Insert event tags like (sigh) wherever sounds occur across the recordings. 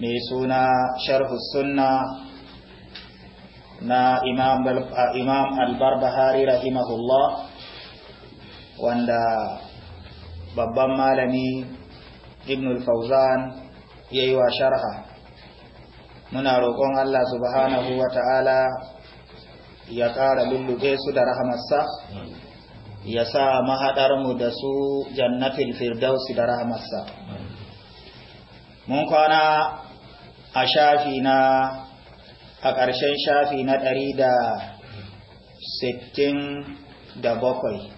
mai suna sharhu sunna na imam albarbahari rahimahullah wanda babban malami ibnul fauzan ya yi wa sharha muna roƙon allah subhanahu wa ta'ala ya ƙara lullube su da rahamarsa ya sa mahaɗarmu da su jannatin firdausi da rahamarsa mun kwana a a ƙarshen shafi na ɗari da sittin da bakwai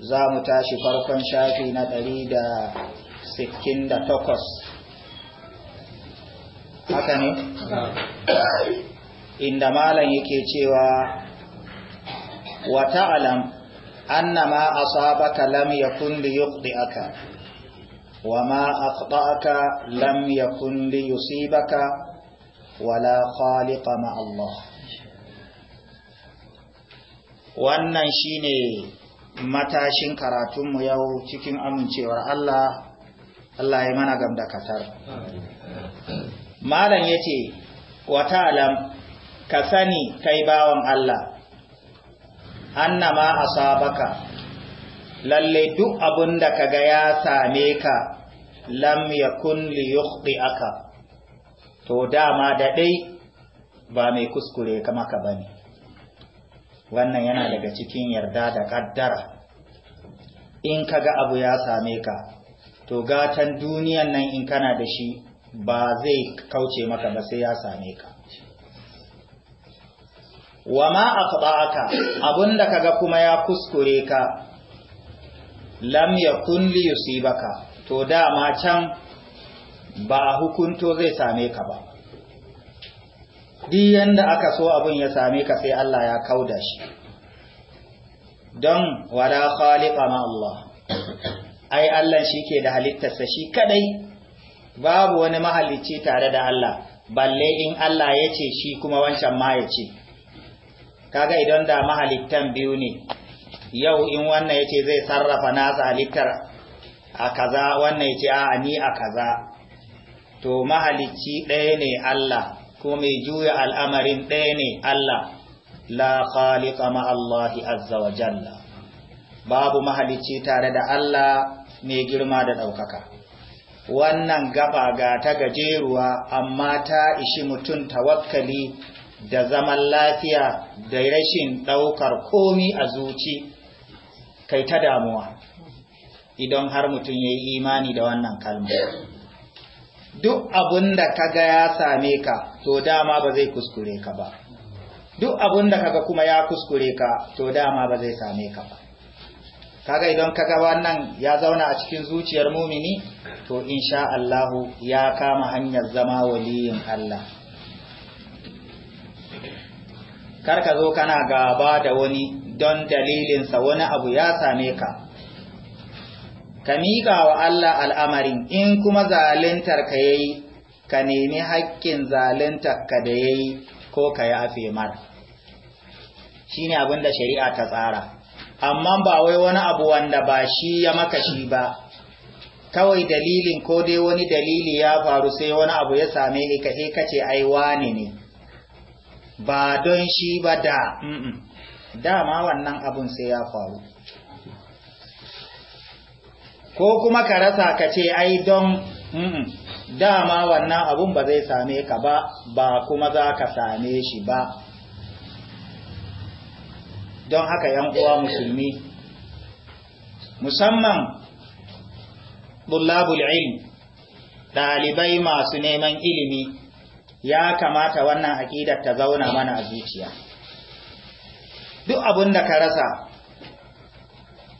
za mu tashi farkon shafi na ɗari da sittin da takwas haka ne? inda malam yake cewa Wata alam, annama asabaka lam yakun aka. وما أخطأك لم يكن ليصيبك ولا خالق مع الله wannan shine matashin karatunmu yau cikin amincewar Allah Allah ya mana gamda katar malam yace wa ta'lam ka sani kai bawan Allah annama asabaka lalle duk abin da kaga ya same ka lam ya yakun li aka, to dama da dai ba mai kuskure ka maka bane wannan yana daga cikin yarda da kaddara in kaga abu ya same ka to gatan duniyan nan in kana da shi ba zai kauce maka ba sai ya same ka wa ma da ka kaga kuma ya kuskure ka lam yakun li yusibaka to dama can ba hukunto zai same ka ba duk yanda aka so abun ya same ka sai Allah ya kauda shi don wala khaliqa ma Allah ai Allah shike da halittarsa shi kadai babu wani mahalicci tare da Allah balle in Allah yace shi kuma wancan ma ya kaga idan da mahalittan biyu ne yau in wannan yace zai sarrafa nasa halittar a kaza wannan yace, ce a ni a kaza to mahalicci ɗaya ne Allah ko mai juya al'amarin ɗaya ne Allah la khaliqa Allah azza wa jalla babu mahalicci tare da Allah mai girma da ɗaukaka wannan gaba ga ta gajeruwa amma ta ishi mutum tawakkali da zaman lafiya da rashin ɗaukar komi a zuci kai ta damuwa idan har mutum ya imani da wannan kalma duk abin da kaga ya same ka to dama ba zai kuskure ka ba duk abin da kaga kuma ya kuskure ka to dama ba zai same ka ba kaga idan kaga wannan ya zauna a cikin zuciyar mumini to insha Allahu ya kama hanyar zama waliyin Allah Kar ka zo kana gaba da wani don dalilinsa wani abu ya same ka ka mika wa Allah al'amarin in kuma zalintar ka yayi ka nemi haƙƙin zalintar ka da yayi ko ka yi afe mara shi ne abinda shari'a ta tsara amma ba wai wani abu wanda ba shi ya maka shi ba kawai dalilin ko dai wani dalili ya faru sai wani abu ya same ka sai kace ai wane ne ba don shi ba da mm dama wannan abun sai ya faru ko kuma ka rasa ka ce ai don dama wannan abun ba zai same ka ba ba kuma za ka same shi ba don haka yan uwa musulmi musamman bullabul ilm ɗalibai masu neman ilimi ya kamata wannan aƙidar ta zauna mana a zuciya duk abin da ka rasa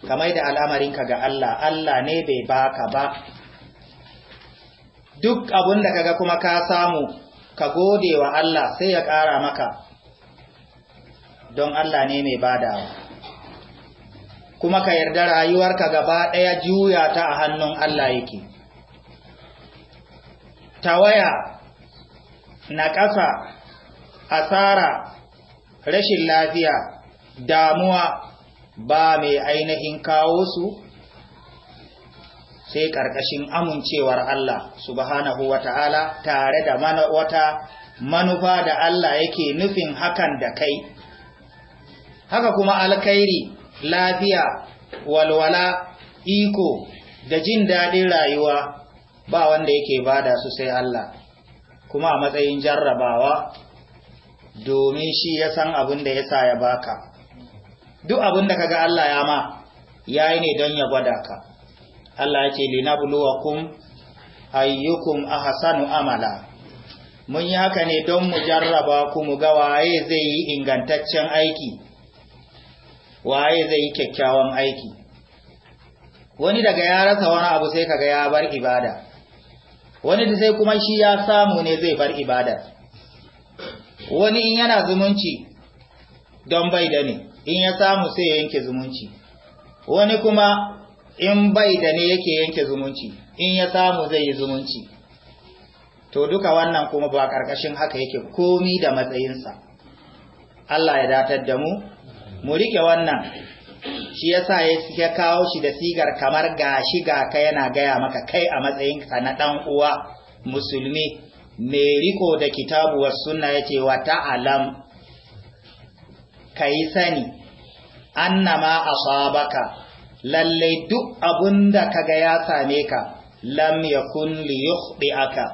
kamar da ka ga Allah Allah ne bai baka ba duk abin da ga kuma ka samu ka gode wa Allah sai ya ƙara maka don Allah ne mai bada kuma ka yarda rayuwar ka gaba ɗaya juya ta a hannun Allah yake tawaya na ƙasa asara rashin lafiya damuwa ba mai ainihin kawo su sai ƙarƙashin amincewar Allah subhanahu wa ta'ala tare da wata manufa da Allah yake nufin hakan da kai. Haka kuma alkairi, lafiya, walwala, iko da jin daɗin rayuwa ba wanda yake bada su sai Allah, kuma a matsayin jarrabawa domin shi ya san abin da ya sa ya baka. duk abin da kaga Allah ya ma yayi ne don ya gwada ka Allah ya ce linabluwakum ayyukum ahsanu amala mun yi haka ne don mu jarraba ku mu ga waye zai yi ingantaccen aiki waye zai yi kyakkyawan aiki wani daga ya rasa wani abu sai kaga ya bar ibada wani da sai kuma shi ya samu ne zai bar ibada wani in yana zumunci don bai da ne in ya samu sai ya yanke zumunci wani kuma in bai da ne yake yanke zumunci in ya samu zai yi zumunci to duka wannan kuma ba ƙarƙashin haka yake komi da matsayinsa Allah ya datar da mu mu rike wannan shi yasa ya kawo shi da sigar kamar gashi ga ka yana gaya maka kai a matsayinka na ɗan uwa musulmi mai riko da kitabu kitabuwar sunna yace wa ta'alam ka yi sani annama asabaka lalle duk abun da kaga ya same ka lam yakun aka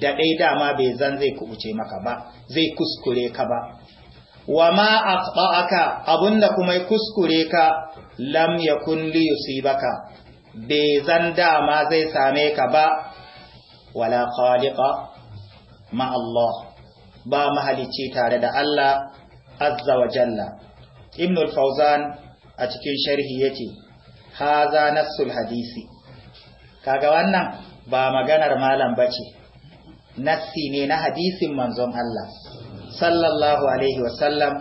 da dai dama bai zan zai kubuce maka ba zai kuskure ka ba wa ma akhta'aka abunda kuma kuskure ka lam yakun yusibaka bai zan dama zai same ka ba wala khaliqa ma Allah ba mahalicci tare da Allah azza wa jalla ibn al-fawzan a cikin sharhi yace haza nassul hadisi kaga wannan ba maganar malam bace nassi ne na hadisin manzon Allah sallallahu alaihi wa sallam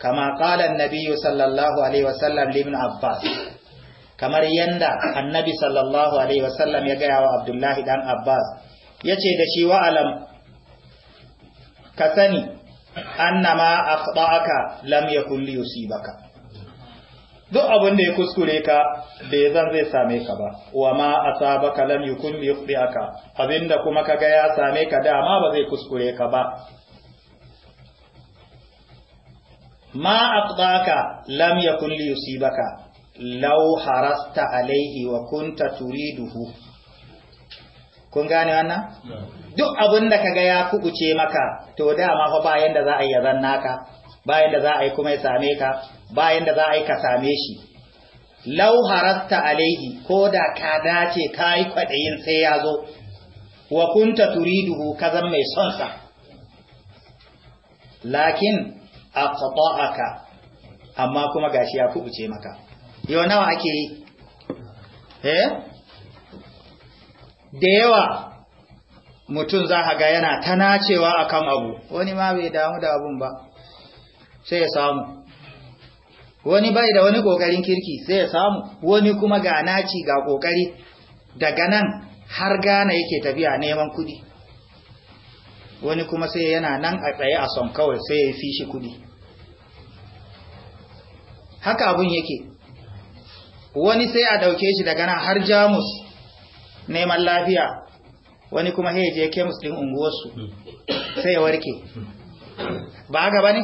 kama qala an-nabiy sallallahu alaihi wa sallam li ibn abbas kamar yanda annabi sallallahu alaihi wa sallam ya gaya wa abdullahi dan abbas yace da shi wa alam ka sani annama akhta'aka lam yakul yusibaka duk abin da ya kuskure ka bai zan zai same ka ba wa ma asabaka lam yakul yukhti'aka abinda kuma kaga ya same ka dama ba zai kuskure ka ba ma akhta'aka lam yakul yusibaka law harasta Alayhi wa kunta turiduhu kun gane wannan duk abin da kaga ya kuɓuce maka to dama fa bayan da za a yi zan naka bayan da za a yi kuma ya same ka bayan da za a yi ka same shi law harasta alaihi ko da ka dace ka yi kwadayin sai ya zo wa kunta turiduhu ka zan mai son sa lakin aqta'aka amma kuma gashi ya kubuce maka yau nawa ake yi eh da yawa mutum za ka ga yana ta nacewa a kan abu wani ma bai damu da abun ba sai ya samu wani bai da wani ƙoƙarin kirki sai ya samu wani kuma ga naci ga ƙoƙari daga nan har gana yake tafiya neman kudi wani kuma sai yana nan a tsaye a son kawai sai ya fi shi kudi haka abun yake wani sai a ɗauke shi daga nan har jamus neman lafiya wani kuma hei je ke din unguwarsu hmm. sai ya warke ba haka ne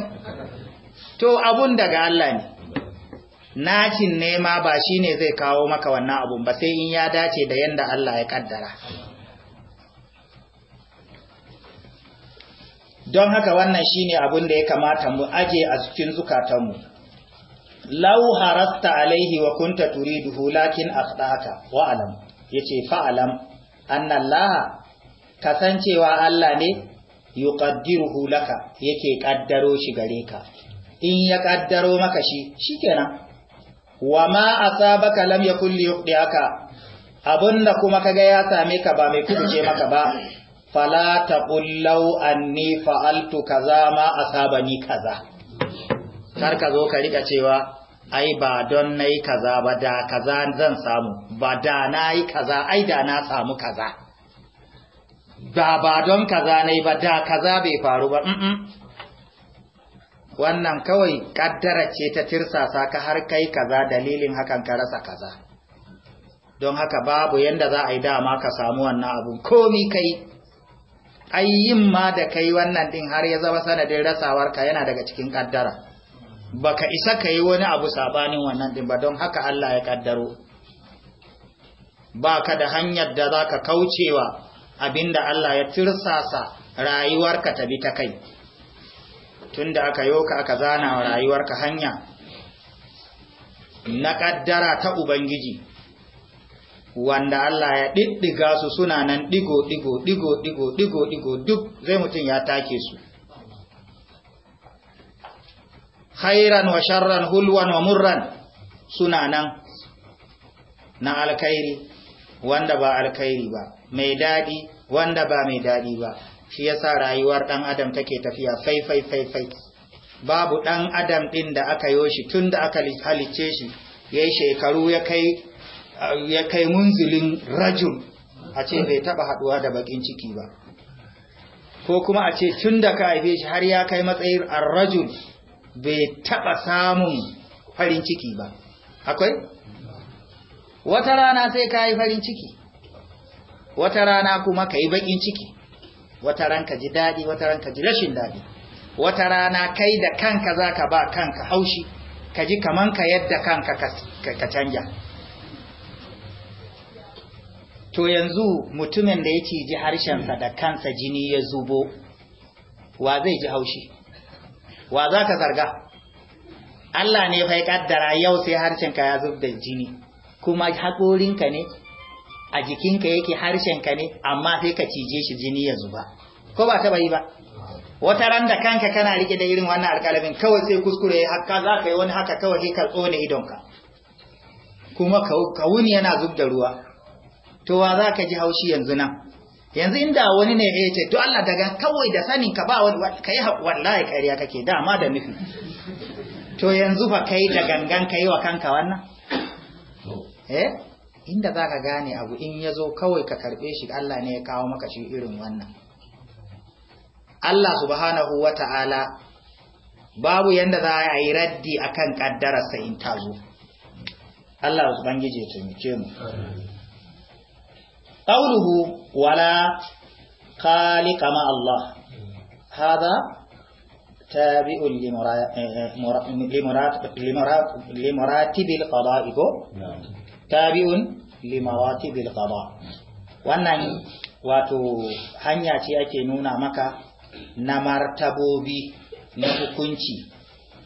to abun daga Allah ne nacin nema ba shi ne zai kawo maka wannan abun ba sai in ya dace da yadda Allah ya kaddara don haka wannan shine abun da ya kamata mu aje a cikin zukatanmu Lau harasta alaihi wa kunta turiduhu lakin akhtaka wa alamu. yace fa'alam annallaha kasancewa Allah ne ƙaddiru hulaka. yake ƙaddaro shi gare ka in ya ƙaddaro maka shi shi kenan. Wa shikenan ya kulle lam haka, abin da kuma kaga ya same ka ba mai ce maka ba fala ƙullau an ni fa'altu kaza ma ni kaza kar ka zo ka rika cewa ai ba don na yi kaza ba da kaza zan samu ba da na yi kaza ai da na samu kaza ba ba don kaza na yi ba da kaza bai faru ba wannan kawai kaddara ce ta tirsasa ka har kai kaza dalilin hakan ka rasa kaza don haka babu yanda za a yi dama ka samu wannan abun komi kai ai ma da kai wannan din har ya zama sanadin rasawarka yana daga cikin kaddara baka isa ka yi wani abu sabanin wannan din ba don haka Allah ya kaddaro ba ka da hanyar da za ka kaucewa abinda Allah ya tirsasa rayuwarka ta bi ta kai tunda aka yoka aka zana wa rayuwarka hanya na kaddara ta Ubangiji wanda Allah ya ɗiɗɗiga su suna nan ɗigo ɗigo ɗigo ɗigo ɗigo duk zai mutum ya take su khairan wa sharran hulwan wa murran suna nan na alkhairi wanda ba alkhairi ba mai dadi wanda ba mai dadi ba shi yasa rayuwar dan adam take tafiya fai fai fai fai babu dan adam din da aka yo shi tunda aka halice shi yayi shekaru ya kai ya kai munzilin rajul a ce bai taba haduwa da bakin ciki ba ko kuma a ce tunda ka haife shi har ya kai matsayin ar-rajul bai taɓa samun farin ciki ba akwai wata rana sai ka yi farin ciki wata rana kuma ka yi baƙin ciki wata ranka ji daɗi wata ranka ji rashin daɗi wata rana kai da kanka za ka ba kanka haushi ka ji kaman ka yadda kanka ka canja to yanzu mutumin da ya ciji harshensa da kansa jini ya zubo wa zai ji haushi wa za ka zarga Allah ne fa ya kaddara yau sai harshenka ya zub da jini kuma haƙorinka ne a jikinka yake harshenka ne amma sai ka cije shi jini ya zuba ko ba taɓa yi ba wata ran da kanka kana rike da irin wannan alƙalamin kawai sai kuskure haka za ka yi wani haka kawai sai ka tsone idonka kuma kawuni yana zub da ruwa to wa za ka ji haushi yanzu nan yanzu inda wani ne ya ce to Allah daga kawai da sanin ka ba wani kai wallahi kariya kake dama da nufi to yanzu fa kai da gangan kai wa kanka wannan eh inda zaka gane abu in yazo kawai ka karbe shi Allah ne ya kawo maka shi irin wannan Allah subhanahu wataala babu yanda za a yi raddi akan kaddararsa in tazo Allah ubangije ya taimake mu qawluhu wala khaliqa ma Allah hada tabi'un limaratibil qada'i ko tabi'un limaratibil wannan wato hanya ce ake nuna maka na martabobi na hukunci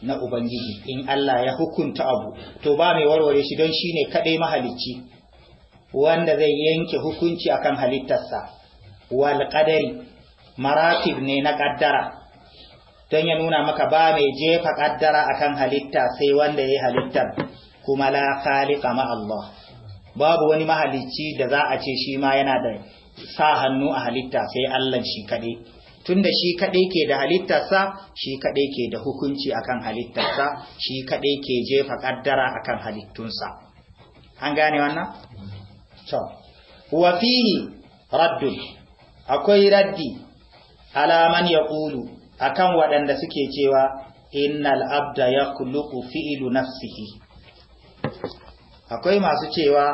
na ubangiji in Allah ya hukunta abu to ba mai warware shi don shine kadai mahalicci wanda zai yanke hukunci akan halittarsa wal qadari maratib ne na kaddara don ya nuna maka ba mai jefa kaddara akan halitta sai wanda ya halittar kuma la khaliqa ma Allah babu wani mahalicci da za a ce shi ma yana da sa hannu a halitta sai Allah shi kaɗai tunda shi kaɗai ke da halittarsa shi kaɗai ke da hukunci akan halittarsa shi kaɗai ke jefa kaddara akan halittunsa an gane wannan wa fihi raddun akwai raddi alaman man yaqulu akan waɗanda suke cewa innal abda ya fi'lu fi'ilu nafsihi akwai masu cewa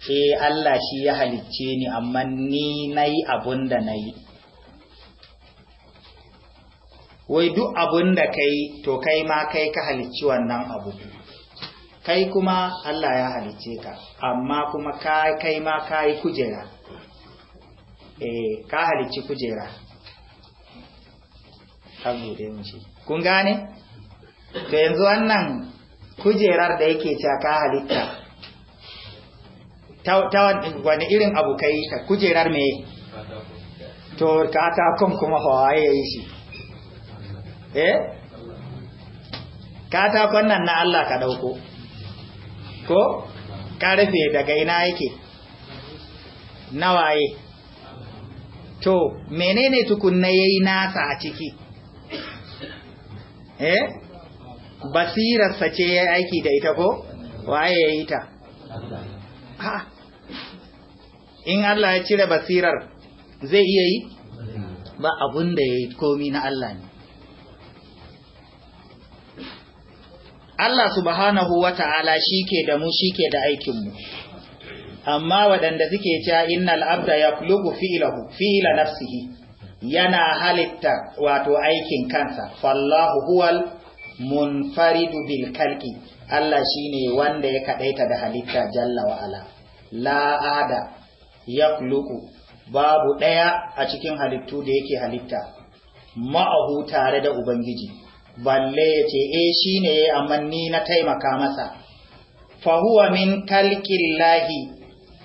Eh Allah shi ya halicce ni amma ni nayi abunda nayi wai duk abun da kai to kai ma kai ka halicci wannan abu kai kuma Allah ya halice ka amma kuma kai ma ka yi kujera eh ka halici kujera kun gane to yanzu wannan kujerar da yake cewa ka halitta ta wani irin abu ka yi ta kujerar me to katakon kuma hawaye ya yi shi eh katakon nan na Allah ka dauko ko karfe daga ina yake waye? to menene tukunna yayi nasa a ciki eh basirarsa ce yayi aiki da ita ko waye yayi ta ha in Allah ya cire basirar zai iya yi ba abun da yayi komi na Allah ne Allah subhanahu wa ta'ala shi ke da mu shi ke da aikinmu amma waɗanda suke cewa innal abda ya klugu fi'ilahu fi'ila nafsihi yana halitta wato aikin kansa fallahu huwal munfaridu bil kalki Allah shi ne wanda ya kaɗaita da halitta jalla wa ala ya babu ɗaya a cikin halittu da yake halitta ma'ahu tare da ubangiji balle ya ce e shi ne ya amanni na taimaka masa fahuwa min kalkillahi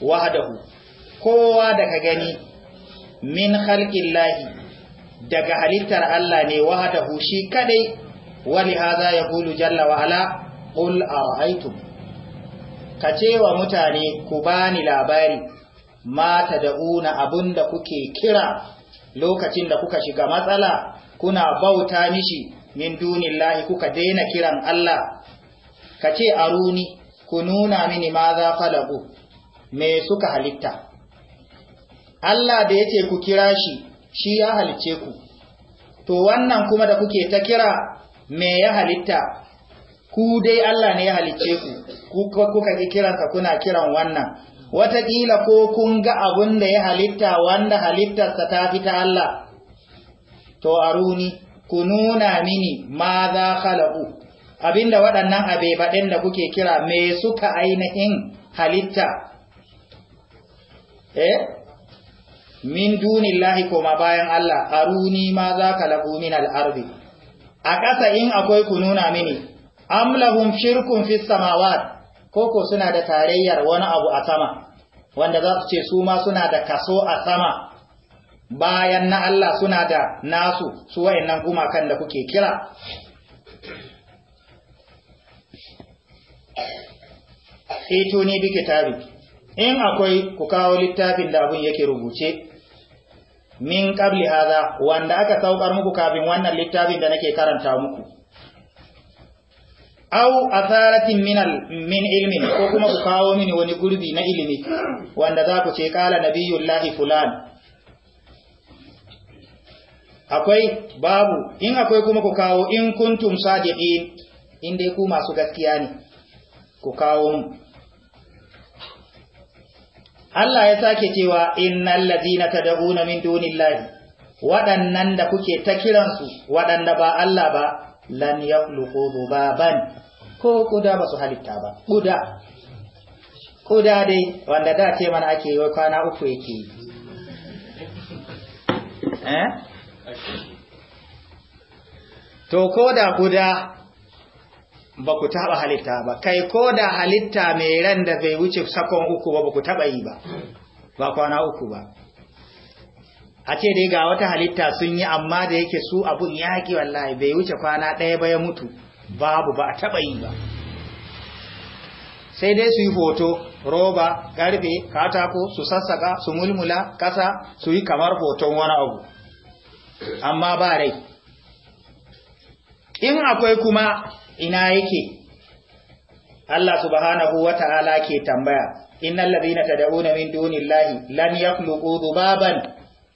wahdahu kowa daga gani min lahi daga halittar Allah ne wahdahu shi kadai wani za ya hulu jalla wa ala haitu Ka ce wa mutane ku bani labari mata da una abun da kuke kira lokacin da kuka shiga matsala kuna bauta mishi min dunillahi kuka daina kiran Allah ka aruni ku nuna mini ma za falagu me suka halitta Allah da yace ku kira shi shi ya halice ku to wannan kuma da kuke ta kira me ya halitta ku dai Allah ne ya halice ku kuka ki kiransa kuna kiran wannan wataƙila ko kun ga abun da ya halitta wanda halittarsa ta fita Allah to aruni kununa mini ma za khalaku abinda waɗannan abebaɗin da kuke kira me suka ainihin halitta eh min dunillahi koma bayan Allah aruni ma za khalaqu min al’arbi a ƙasa in akwai ku nuna mini amlahun shirkun koko suna da tarayyar wani abu a sama wanda za su ce su ma suna da kaso a sama bayan na Allah suna da nasu su wayannan gumakan kanda kuke kira ito ne bi kitabi in akwai ku kawo littafin da abun yake rubuce min qabli hadha wanda aka saukar muku kafin wannan littafin da nake karanta muku aw atharatin min min ilmin ko kuma ku kawo mini wani gurbi na ilimi wanda za ku ce qaala nabiyullahi fulan akwai babu in akwai kuma ku kawo in kuntum sadiqin in dai ku masu gaskiya ne ku kawo mu Allah ya sake cewa innal ladina tad'una min dunillahi waɗannan da kuke ta kiransu waɗanda ba Allah ba lan yakhluqu dhubaban ko kuda ba su halitta ba kuda kuda dai wanda da ce mana ake yi kwana uku yake eh to ko da kuda ba ku taɓa halitta ba kai ko da halitta mai ran da bai wuce sakon uku ba ku taɓa yi ba ba kwana uku ba a ce dai ga wata halitta sun yi amma da yake su abun yaƙi wallahi bai wuce kwana ɗaya ba ya mutu babu ba a taɓa yi ba sai dai su yi hoto roba garbe katako su sassaka su mulmula ƙasa su yi kamar hoton wani abu amma ba rai in akwai kuma ina yake Allah subhanahu wa ta'ala ke tambaya innal ladina tad'una min dunillahi lan yakhluqu dhubaban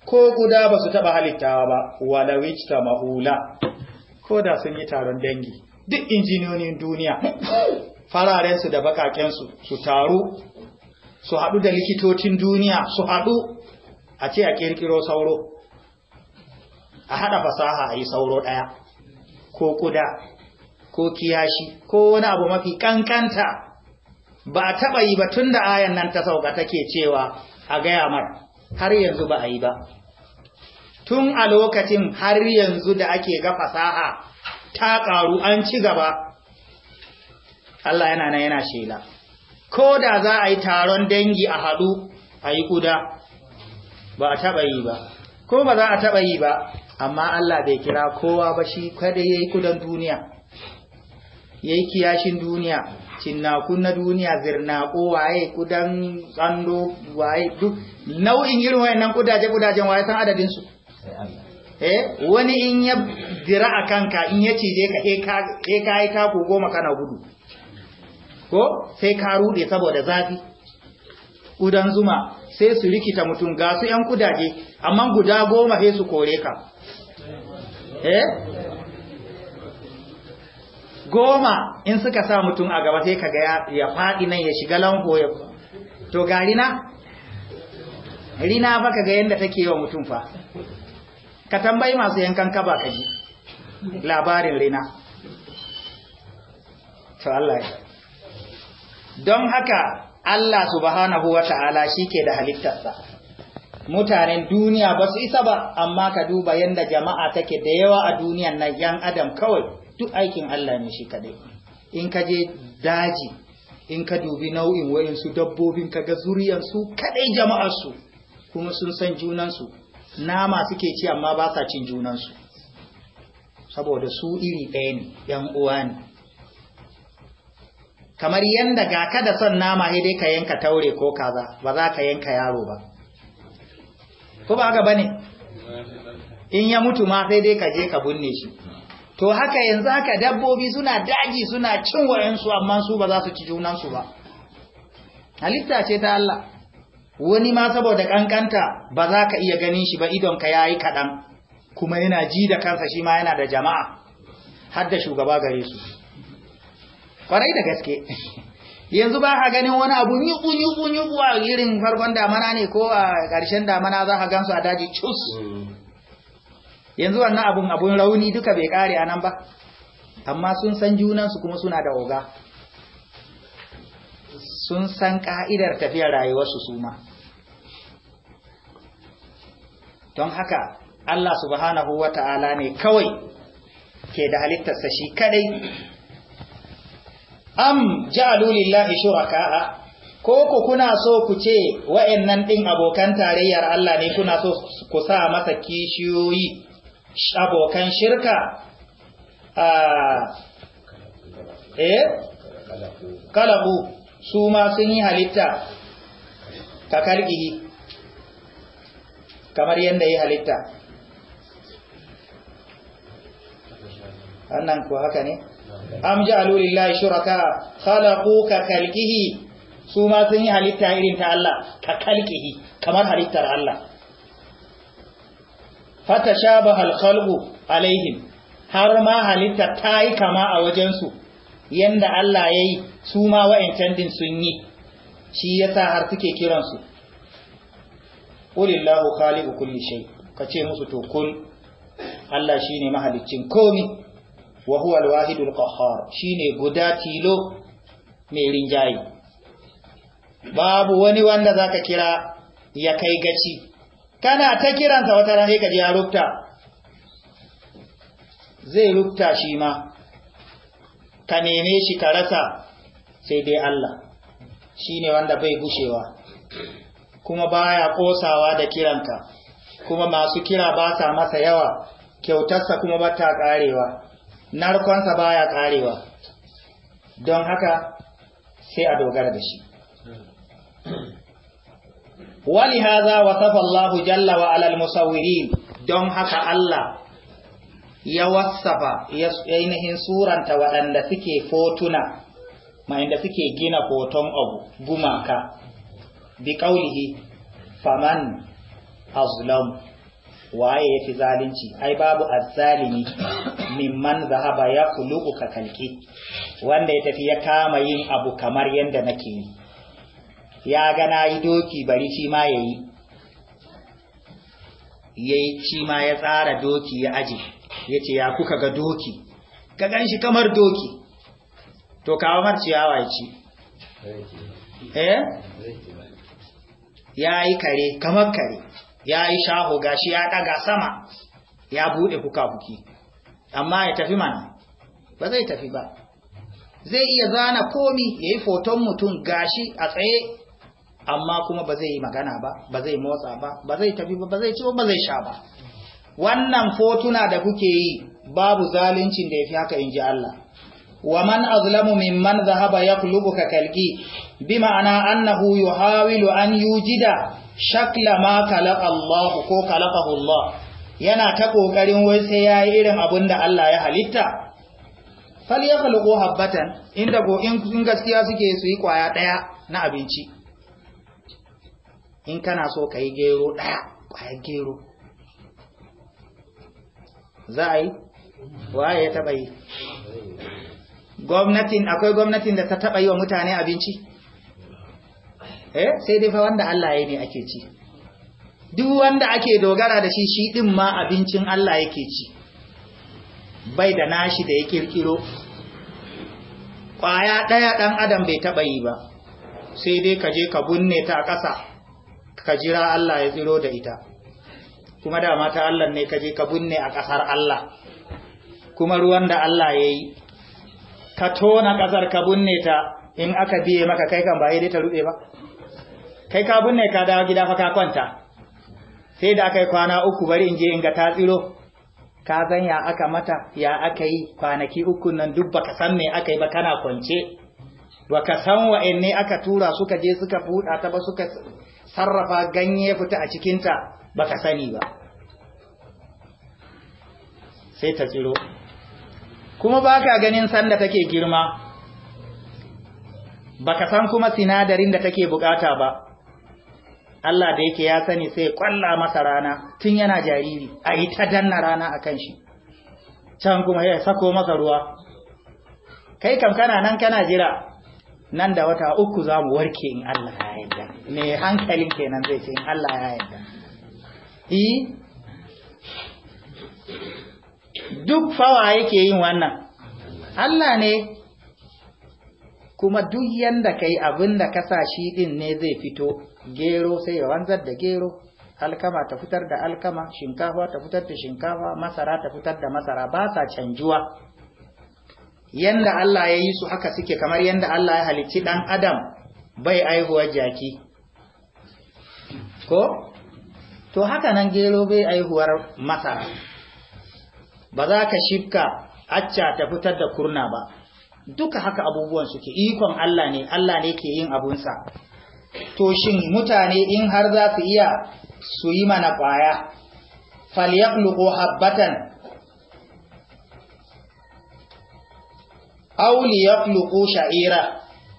ko guda ba su taba halittawa ba ta mahula. ko da sun yi taron dangi duk injiniyoyin duniya fararensu da bakaken su taru su haɗu da likitocin duniya su haɗu a ce a kirkiro sauro a haɗa fasaha a yi sauro ɗaya ko kuda ko kiyashi ko wani abu mafi ƙanƙanta ba a taɓa yi ba tun da ayan nan ta sauka take cewa a gaya mar har yanzu ba a yi ba tun a lokacin har yanzu da ake ga fasaha ta ƙaru an ci gaba Allah yana nan yana shela ko da za a yi taron dangi a haɗu a yi kuda ba a taɓa yi ba ko ba za a taɓa yi ba amma Allah bai kira kowa ba shi kada yi kudan duniya ya yi kiyashin duniya cinnakun na duniya zirnako waye kudan tsando waye duk nau'in irin nan kudaje kudajen waye san adadin eh wani in ya dira a kanka in ya cije ka e ka ka yi goma kana gudu ko sai ka rude saboda zafi kudan zuma sai su rikita mutum ga su yan kudaje amma guda goma sai su kore ka Eh? goma in suka sa mutum a gaba sai kaga ya faɗi nan ya shiga lanko ya to ga rina rina fa kaga yanda take wa mutum fa ka tambayi masu yankan kaba ji labarin rina to Allah don haka Allah subhanahu wa ta'ala shi ke da halittarsa mutanen duniya ba su isa ba amma ka duba yadda jama'a take da yawa a duniya na yan adam kawai duk aikin Allah ne shi kadai in ka je daji in ka dubi nau'in wayansu dabbobin ka ga zuriyan su kadai jama'ar su kuma sun san junan nama suke ci amma ba sa cin junansu saboda su iri ɗaya ne yan uwa ne kamar yadda ga ka da son nama sai dai ka yanka taure ko kaza ba za ka yanka yaro ba ko ba haka bane in ya mutu ma sai dai ka je ka bunne shi to haka yanzu haka dabbobi suna daji suna cin wayansu amma su ba za su ci junansu ba halitta ce ta Allah wani ma saboda kankanta ba za ka iya ganin shi ba idon ka yayi kaɗan kuma yana ji da kansa shi ma yana da jama'a har da shugaba gare su kwarai da gaske (laughs) yanzu ba ka ganin wani abu nyuku nyuku nyuku a irin farkon damana ne ko a ƙarshen damana za ka su a daji cus mm. yanzu wannan abun abun rauni duka bai ƙare a nan ba amma sun san junansu kuma suna da oga sun san ƙa'idar tafiyar rayuwarsu su ma don haka Allah subhanahu wa ta'ala ne kawai ke da halittarsa shi kadai am ja'alu lillahi shuraka'a ko ku kuna so ku ce wa'annan din abokan tarayyar Allah ne kuna so ku sa masa kishiyoyi abokan shirka eh kalabu su ma sun yi halitta ka kalkihi kamar yadda ya halitta wannan ko haka ne am ja'alu lillahi shuraka khalaqu ka su ma sun yi halitta irin ta Allah ka kalkihi kamar halittar Allah fatashabaha al-khalqu alaihim har ma halitta ta yi kama a wajensu yanda Allah yayi yi su ma wa'yancan din sun yi shi yasa har suke kiransu ƙulillahu khaliqu kulli shay ka ce musu to kun. Allah shine ne mahalicin komi wa huwa al-wahidul qahhar shine guda tilo mai rinjayi babu wani wanda zaka kira ya kai gaci kana ta kiransa wata ran sai ya rubta zai rukta shi ma ka neme shi ka rasa sai dai Allah shine wanda bai gushewa kuma baya kosawa da kiranka kuma masu kira ba sa masa yawa kyautarsa kuma ba ta karewa narkonsa baya karewa don haka sai a dogara da shi Wani haza wasafa Allah jalla wa alal don haka Allah ya wasafa ya suranta waɗanda suke fotuna ma'inda suke gina hoton abu gumaka bi kaulihi faman azlam waye yafi zalunci ai babu azzalimi mimman zahaba ya kuluku ka kalki wanda ya tafi ya kama yin abu kamar yadda nake yi ya gana yi doki bari shi ma ya yi ya yi shi ma ya tsara doki ya aji ya ce ya kuka ga doki ka gan shi kamar doki to kawo marci ciyawa ya ci eh ya yi kare kamar kare ya yi shaho gashi ya ɗaga sama ya buɗe kuka-kuki amma ya tafi mana ba zai tafi ba zai iya zana komi ya yi foton mutum gashi a tsaye amma kuma ba zai yi magana ba ba zai motsa ba ba zai tafi ba ba zai ci ba zai sha ba wannan fotuna da kuke yi babu zaluncin da ya fi haka in ji Allah wa man azlamu mimman zahaba yaklubu ka kalki bi ma'ana annahu yuhawilu an yujida shakla ma kala Allah ko khalaqahu Allah yana ta ƙoƙarin wai sai ya yi irin abin da Allah ya halitta fal ya khalqu habbatan inda go in gaskiya suke su yi kwaya ɗaya na abinci in kana so ka yi gero ɗaya kwaya gero za a yi waye ya taɓa yi gwamnatin akwai gwamnatin da ta taɓa yi wa mutane abinci eh sai dai fa wanda Allah ya ne ake ci duk wanda ake dogara da shi shi ɗin ma abincin Allah yake ci bai da nashi da ya kirkiro Kwaya ɗaya ɗan adam bai taɓa yi ba sai dai ka je ka bunne ta a ƙasa ka jira Allah ya tsiro da ita kuma da ta Allah ne ka je ka bunne a ƙasar Allah kuma ruwan da Allah ya yi ka tona ƙasar ka bunne ta in aka biye maka kai kan ba dai ta ruɓe ba kai ka bunne ka dawo gida fa ka kwanta sai da aka yi kwana uku bari in je in ga ta tsiro ka zan ya aka mata ya aka yi kwanaki uku nan duk baka san me aka yi ba kana kwance baka san ne aka tura suka je suka buɗa ta ba suka sarrafa ganye fita a cikinta baka sani ba sai ta tsiro kuma baka ganin sanda take girma baka san kuma sinadarin da take bukata ba Allah da yake ya sani sai ya kwalla masa rana tun yana jariri a yi ta danna rana a kan shi can kuma ya sako masa ruwa kai kam kana nan kana jira nan da wata uku za mu warke in Allah ya yadda, me hankalin kenan zai ce in Allah ya yadda. yi duk fawa yake yin wannan Allah ne kuma duk yanda kai abin da ka sa shi din ne zai fito gero sai ya wanzar da gero alkama ta fitar da alkama shinkafa ta fitar da shinkafa masara ta fitar da masara ba sa canjuwa yanda Allah ya yi su haka suke kamar yanda Allah ya halicci dan adam bai aihuwa jaki ko to haka nan gero bai aihuwar masara ba za ka shifka acca ta fitar da kurna ba duka haka abubuwan suke ikon Allah ne Allah ne ke yin abunsa to shin mutane in har za su iya su yi mana ƙwaya falyaqluqu habbatan aw liyaqluqu sha'ira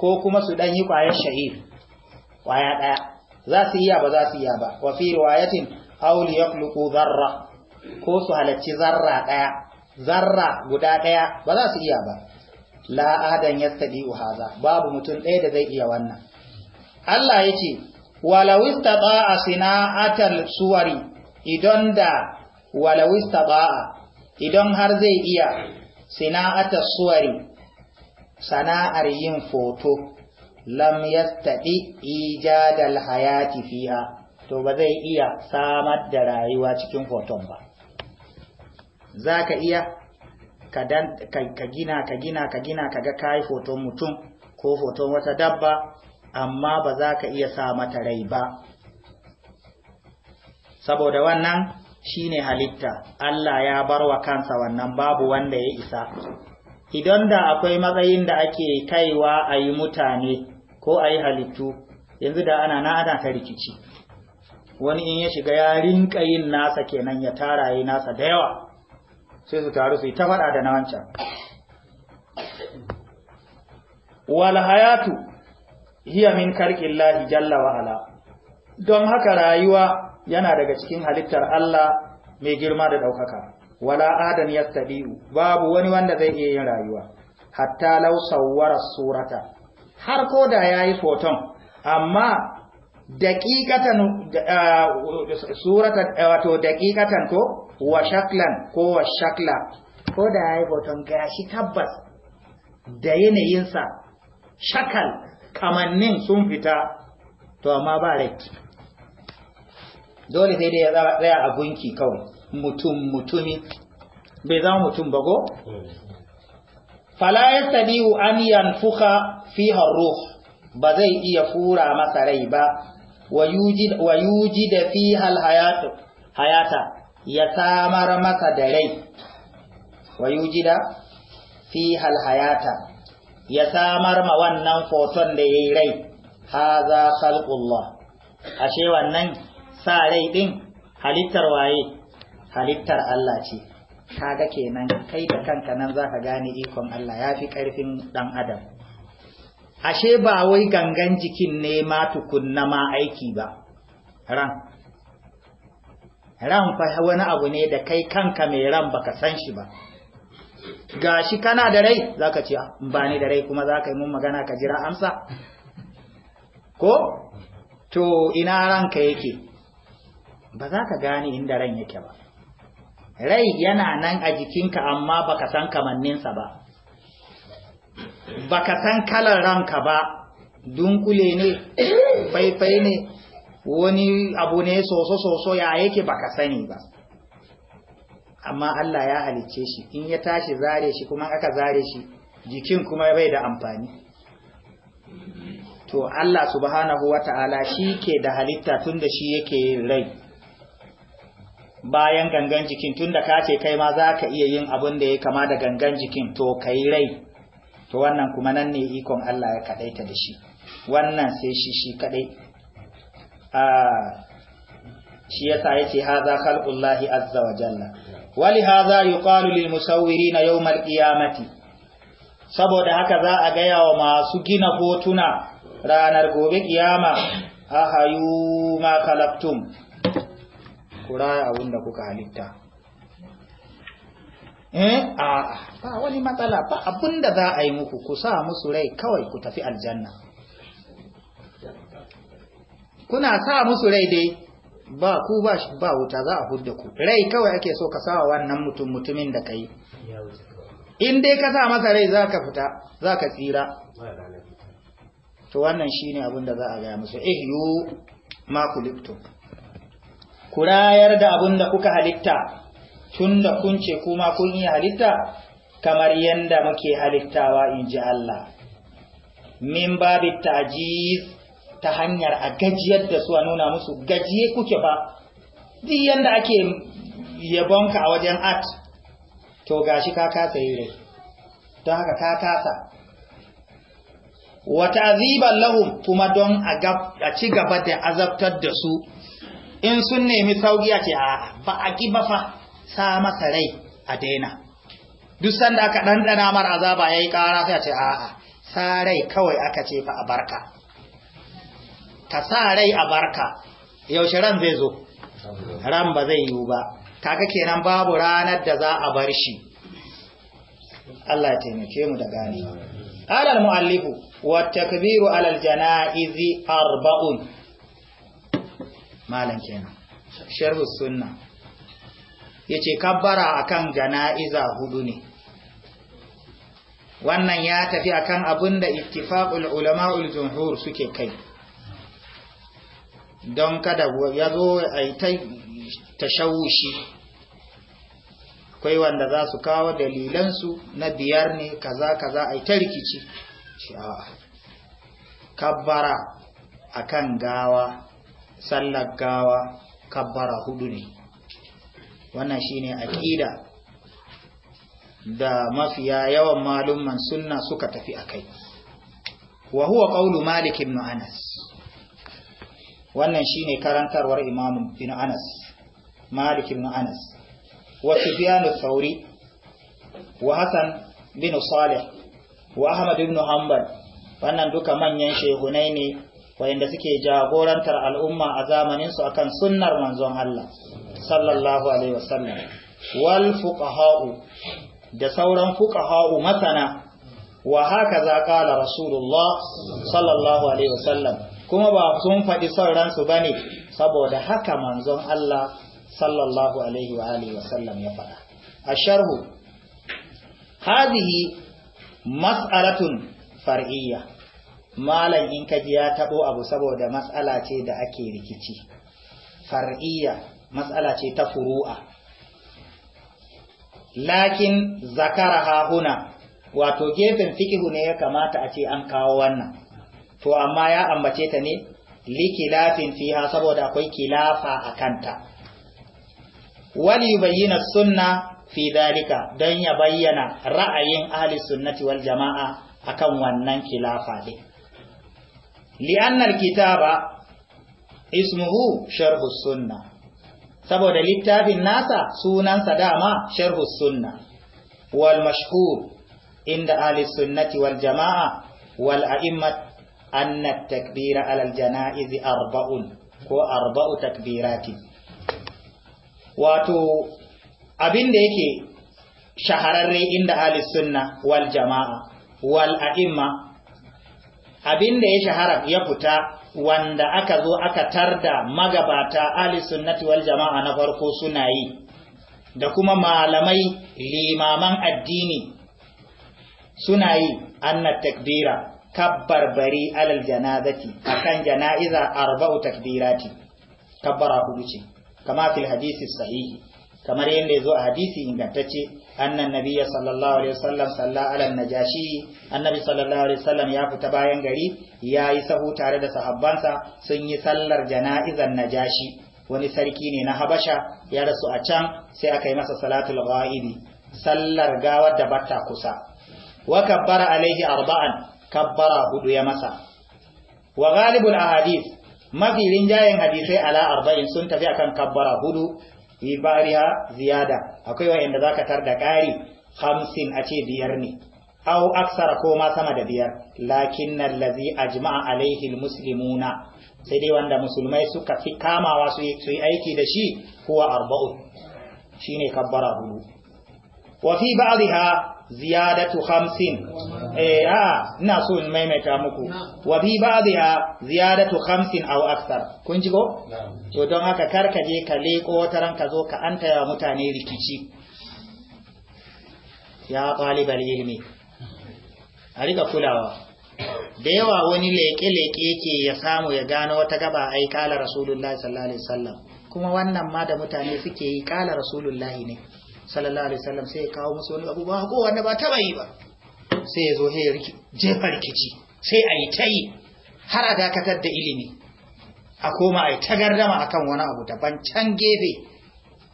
ko kuma su dan yi ƙwayar sha'ir ƙwaya ɗaya za su iya ba za su iya ba wa fi riwayatin aw liyaqluqu zarra ko su halacci zarra ɗaya zarra guda ɗaya ba za su iya ba la'adan adan yastadi haza babu mutum ɗaya da zai iya wannan Allah ya ce walawista a sina'atar suwari idan da walawista a, idan har zai iya sina'atar suwari sana'ar yin foto lam taɗi ijadal hayati fiha to ba zai iya samar da rayuwa cikin foton ba Za ka iya ka gina ka gina ka gina ka ga kaga foton mutum ko foton wata dabba amma ba za ka iya sa mata rai ba saboda wannan shi ne halitta Allah ya bar wa kansa wannan babu wanda ya isa idan da akwai matsayin da ake kaiwa a yi mutane ko a yi halittu yanzu da ana na ana ta rikici wani in ya shiga ya rinka yin nasa kenan ya tara yi nasa da yawa sai su taru su yi ta faɗa da na wancan wal hayatu hiya min karqillahi jalla wa ala don haka rayuwa yana daga cikin halittar Allah mai girma da daukaka wala adan yastabi'u babu wani wanda zai iya yin rayuwa hatta law sawwara surata har ko da yayi foton amma daqiqatan ah, surata eh, wato daƙiƙatan ko wa shaklan ko wa shakla ko da yayi hoton gashi tabbas da yanayinsa shakal kamannin sun fita to amma ba rai dole sai dai ya tsaya a gunki kawai mutum mutumi bai zama mutum ba go fala yastadiu an yanfuka fi ruh ba zai iya fura masa rai ba wa da fi alhayat hayata ya samar masa da rai wa da fiha hayata. ya samar ma wannan foton da yayi rai haza khalqullah ashe wannan sa rai ɗin? halittar waye halittar Allah ce kaga kenan kai da kanka nan zaka gane ikon Allah yafi karfin ɗan adam ashe ba wai gangan jikin ne ma tukunna ma aiki ba ran ran fa wani abu ne da kai kanka mai ran baka san shi ba Ga gashi kana da rai za ka ce ah, ba ni da rai kuma za ka yi mun magana ka jira amsa ko to ina ranka yake ba za ka gane inda ran yake ba rai yana nan a jikinka amma ba ka san kamanninsa ba Ba ka san kalar ranka ba dunkule ne faifai ne wani abu ne soso-soso ya yake ka sani ba amma Allah ya halicce shi in ya tashi zare shi kuma aka zare shi jikin kuma bai da amfani to Allah subhanahu wata'ala shi ke da halitta tunda shi yake rai bayan gangan jikin tunda ka ce kai ma za ka iya yin abin da ya kama da gangan jikin to kai rai to wannan kuma nan ne ikon Allah ya kadaita da shi wannan sai shi shi kadai a ah, shi yasa ce haza khalqullahi azza wa jalla wali haza yuqalu lil musawwirina yawmal qiyamati saboda haka za a gaya wa masu gina hotuna ranar gobe kiyama hayu ma kalaktum kura abinda kuka halitta eh a ba wani matsala ba abinda za a yi muku ku sa musu rai kawai ku tafi aljanna kuna sa musu rai dai ba ku ba ba wuta za a hudda ku rai kawai ake so ka sawa wannan mutum mutumin da kai in dai ka sa masa rai za ka fita za ka tsira to wannan shine abin da za a gaya musu ihyu ma kuliptum ku rayar da abin da kuka halitta tun da kun ce kuma kun yi halitta kamar yadda muke halittawa in ji Allah min babi tajiz ta hanyar a gajiyar da su a nuna musu gajiye kuke ba duk ake yabonka a wajen art to gashi ka kasa yi rai don haka ka kasa wata aziban lahun kuma don a ci gaba da azabtar da su in sun nemi sauƙi a ce ba a ƙi ba fa sa masa rai a daina duk sanda aka ɗanɗana mara azaba ya yi ƙara sai a ce a'a sa rai kawai aka ce fa a barka Ta sa rai a barka yaushe ran zai zo ran ba zai yiwu ba kaga kenan babu ranar da za a bar shi Allah ya taimake mu da gani alal muallifu wa takbiru alal janaizi arba'un malan kenan sharhu sunna yace kabbara akan janaiza hudu ne wannan ya tafi akan abinda ittifaqul ulama'ul jumhur suke kai don kada ya zo a yi ta shawushi akwai wanda za su kawo dalilansu na biyar ne kaza kaza a yi ta rikici kabbara akan gawa sallar gawa kabbara hudu ne wannan shine aƙida da mafiya yawan malumman sunna suka tafi akai wa huwa qawlu malik ibn anas wannan shine karantarwar imam ibn anas malik anas wa sufyan al-thawri wa hasan bin salih wa ahmad ibn hanbal wannan duka manyan shehunai ne wayanda suke jagorantar al'umma a zamanin su akan sunnar manzon Allah sallallahu alaihi wasallam wal fuqaha'u da sauran fuqaha'u masana wa haka za rasulullah sallallahu alaihi wasallam kuma ba sun faɗi son ransu ba ne saboda haka manzon Allah sallallahu alaihi wa alihi wa sallam ya faɗa a sharhu hadhihi mas'alatun far'iyya malam in kaji ya taɓo abu saboda mas'ala ce da ake rikici far'iyya mas'ala ce ta furu'a lakin zakara hahuna wato gefen fikihu ne ya kamata a ce an kawo wannan to amma ya ambace ta ne likilafin fiha saboda akwai kilafa a kanta wali bayyana sunna fi dalika don ya bayyana ra'ayin ahli sunnati wal jama'a akan wannan kilafa ne? li'annar kitaba ismuhu sharhu sunna saboda littafin nasa sunansa dama sharhu sunna wal mashhur inda ahli sunnati wal jama'a wal a'immat anna takbira alal jana'izi arba'un ko arba'u takbirati wato abin da yake shahararre inda ahli sunna wal jama'a wal a'imma abin da ya shahara ya fita wanda aka zo aka tarda magabata ahli sunnati wal jama'a na farko suna yi da kuma malamai limaman addini suna yi annat takbira kabbarbari alal janazati akan jana'iza arba'u takbirati kabbara hudu ce kama fil hadisi sahihi kamar yadda yazo a hadisi ingantacce annan nabiyya sallallahu alaihi wasallam salla ala najashi annabi sallallahu alaihi wasallam ya fita bayan gari yi sahu tare da sahabbansa sun yi sallar jana'izan najashi wani sarki ne na habasha ya rasu a can sai aka yi masa salatul ghaibi sallar gawar da bata kusa wa kabbara alaihi arba'an kabbara hudu ya masa wa galibul ahadis mafi rinjayen hadisai ala arba'in sun tafi akan kabbara hudu ibariya ziyada akwai wa'anda zaka tarda ƙari hamsin a ce biyar ne Au aksara ko ma sama da biyar nan lazi a jima'a alaihi musulmuna. sai dai wanda musulmai suka fi kamawa su yi aiki da shi Kuwa arba'un shine kabbara hudu wa fi ba'dha ziyadatu hamsin eh a ah, ina so in maimaita muku wa bi ba'dha ziyadatu hamsin aw akthar kun ji ko to don haka kar ka je ka leko wata ran ka zo ka antaya mutane rikici ya talibal ilmi a kulawa da yawa wani leke-leke yake ya samu ya gano wata gaba ai kala rasulullahi sallallahu alaihi wasallam kuma wannan ma da mutane suke yi kala rasulullahi ne sallallahu alaihi wasallam sai ya kawo musu wani abu ba ko wanda ba taba yi ba sai ya zo he ya jefa rikici sai ayi tai har a dakatar da ilimi a koma a yi akan wani abu daban can gefe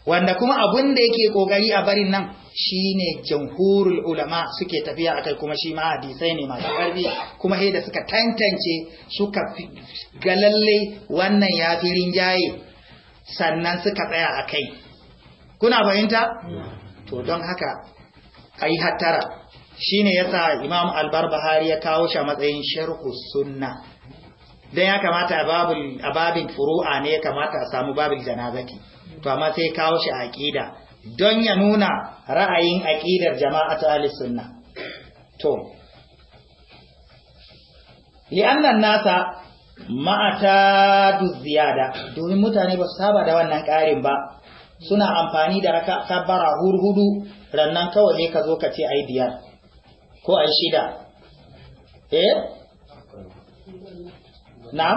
wanda kuma abun da yake kokari a barin nan shine jamhurul ulama suke tafiya akai kuma shi ma hadisai ne masu karfi kuma he da suka tantance suka ga lallai wannan fi jaye sannan suka tsaya akai kuna fahimta to don haka yi hattara shine yasa Imam Al-Barbahari ya kawo shi a matsayin sharhu sunna dan ya kamata babul ababin furu'a ne ya kamata a samu babul janazati to amma sai kawo shi a aqida don ya nuna ra'ayin aqidar jama'atu ahlus sunna to li'annan nasa ma'ata ziyada domin mutane ba su saba da wannan ƙarin ba suna amfani da raka kabbara hurhudu rannan kawai ne ka zo ka ce ai biyar ko ai shida eh na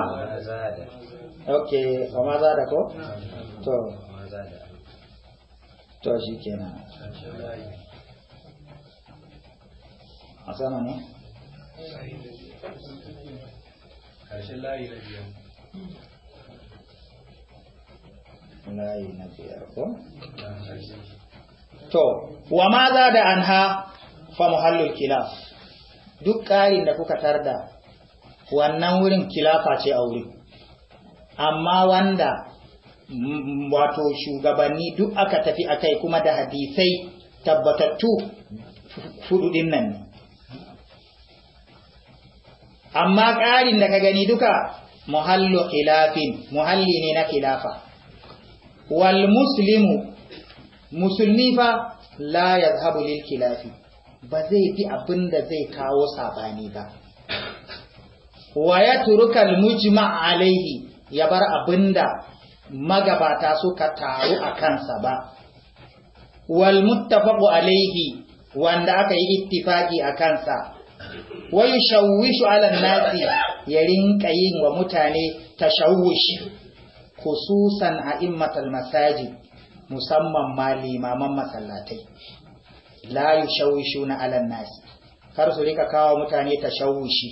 okay ma za da ko to to shi kenan a sama ne? ƙarshen layi na biyu yi na biyar ko to wa ma za da anha fa muhallul kilaf duk ƙarin da kuka tarda wannan wurin kilafa ce a wurin amma wanda wato shugabanni duk aka tafi a kai kuma da hadisai tabbatattu fududin nan amma ƙarin da ka gani duka muhallu khilafin muhalli ne na kilafa. walmuslimu muslimu musulmi fa la yadhhabu lil khilafi ba zai fi abin da zai kawo sabani ba wa yatruka al mujma alaihi ya bar abin da magabata suka taru a kansa ba wal alaihi wanda aka yi ittifaki a kansa wai shawwishu ala nasi ya rinka yin wa mutane tashawushi khususan a immatal masaji musamman ma limaman masallatai la yushawishu na alan nasi kar su rika kawo mutane tashawushi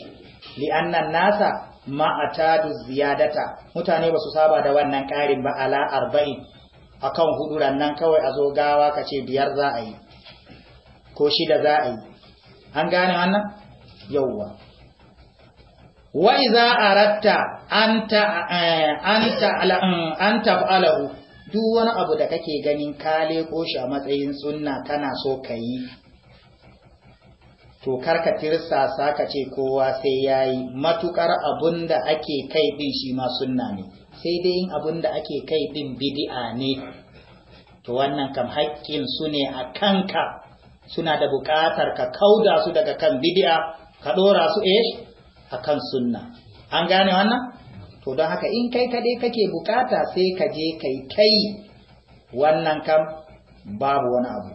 li'annan nasa ma atadu ziyadata mutane ba su saba da wannan karin ba ala arba'in akan hudu nan kawai a zo gawa ka ce biyar za a yi ko shida za a yi an gane wannan yauwa wa iza aratta anta eh, anta anta Alahu. duk wani abu da kake ganin ka leko shi a matsayin sunna kana so ka yi to karka tirsasa ka ce kowa sai yayi matukar abunda da ake kai din shi ma sunna ne sai dai yin abun da ake kai din bidi'a ne to wannan kam haƙƙin su ne a kanka suna da buƙatar ka kauda su daga kan bidi'a ka ɗora su eh akan sunna an gane wannan to don haka in kai kaɗai kake bukata sai ka je kai kai wannan kam babu wani abu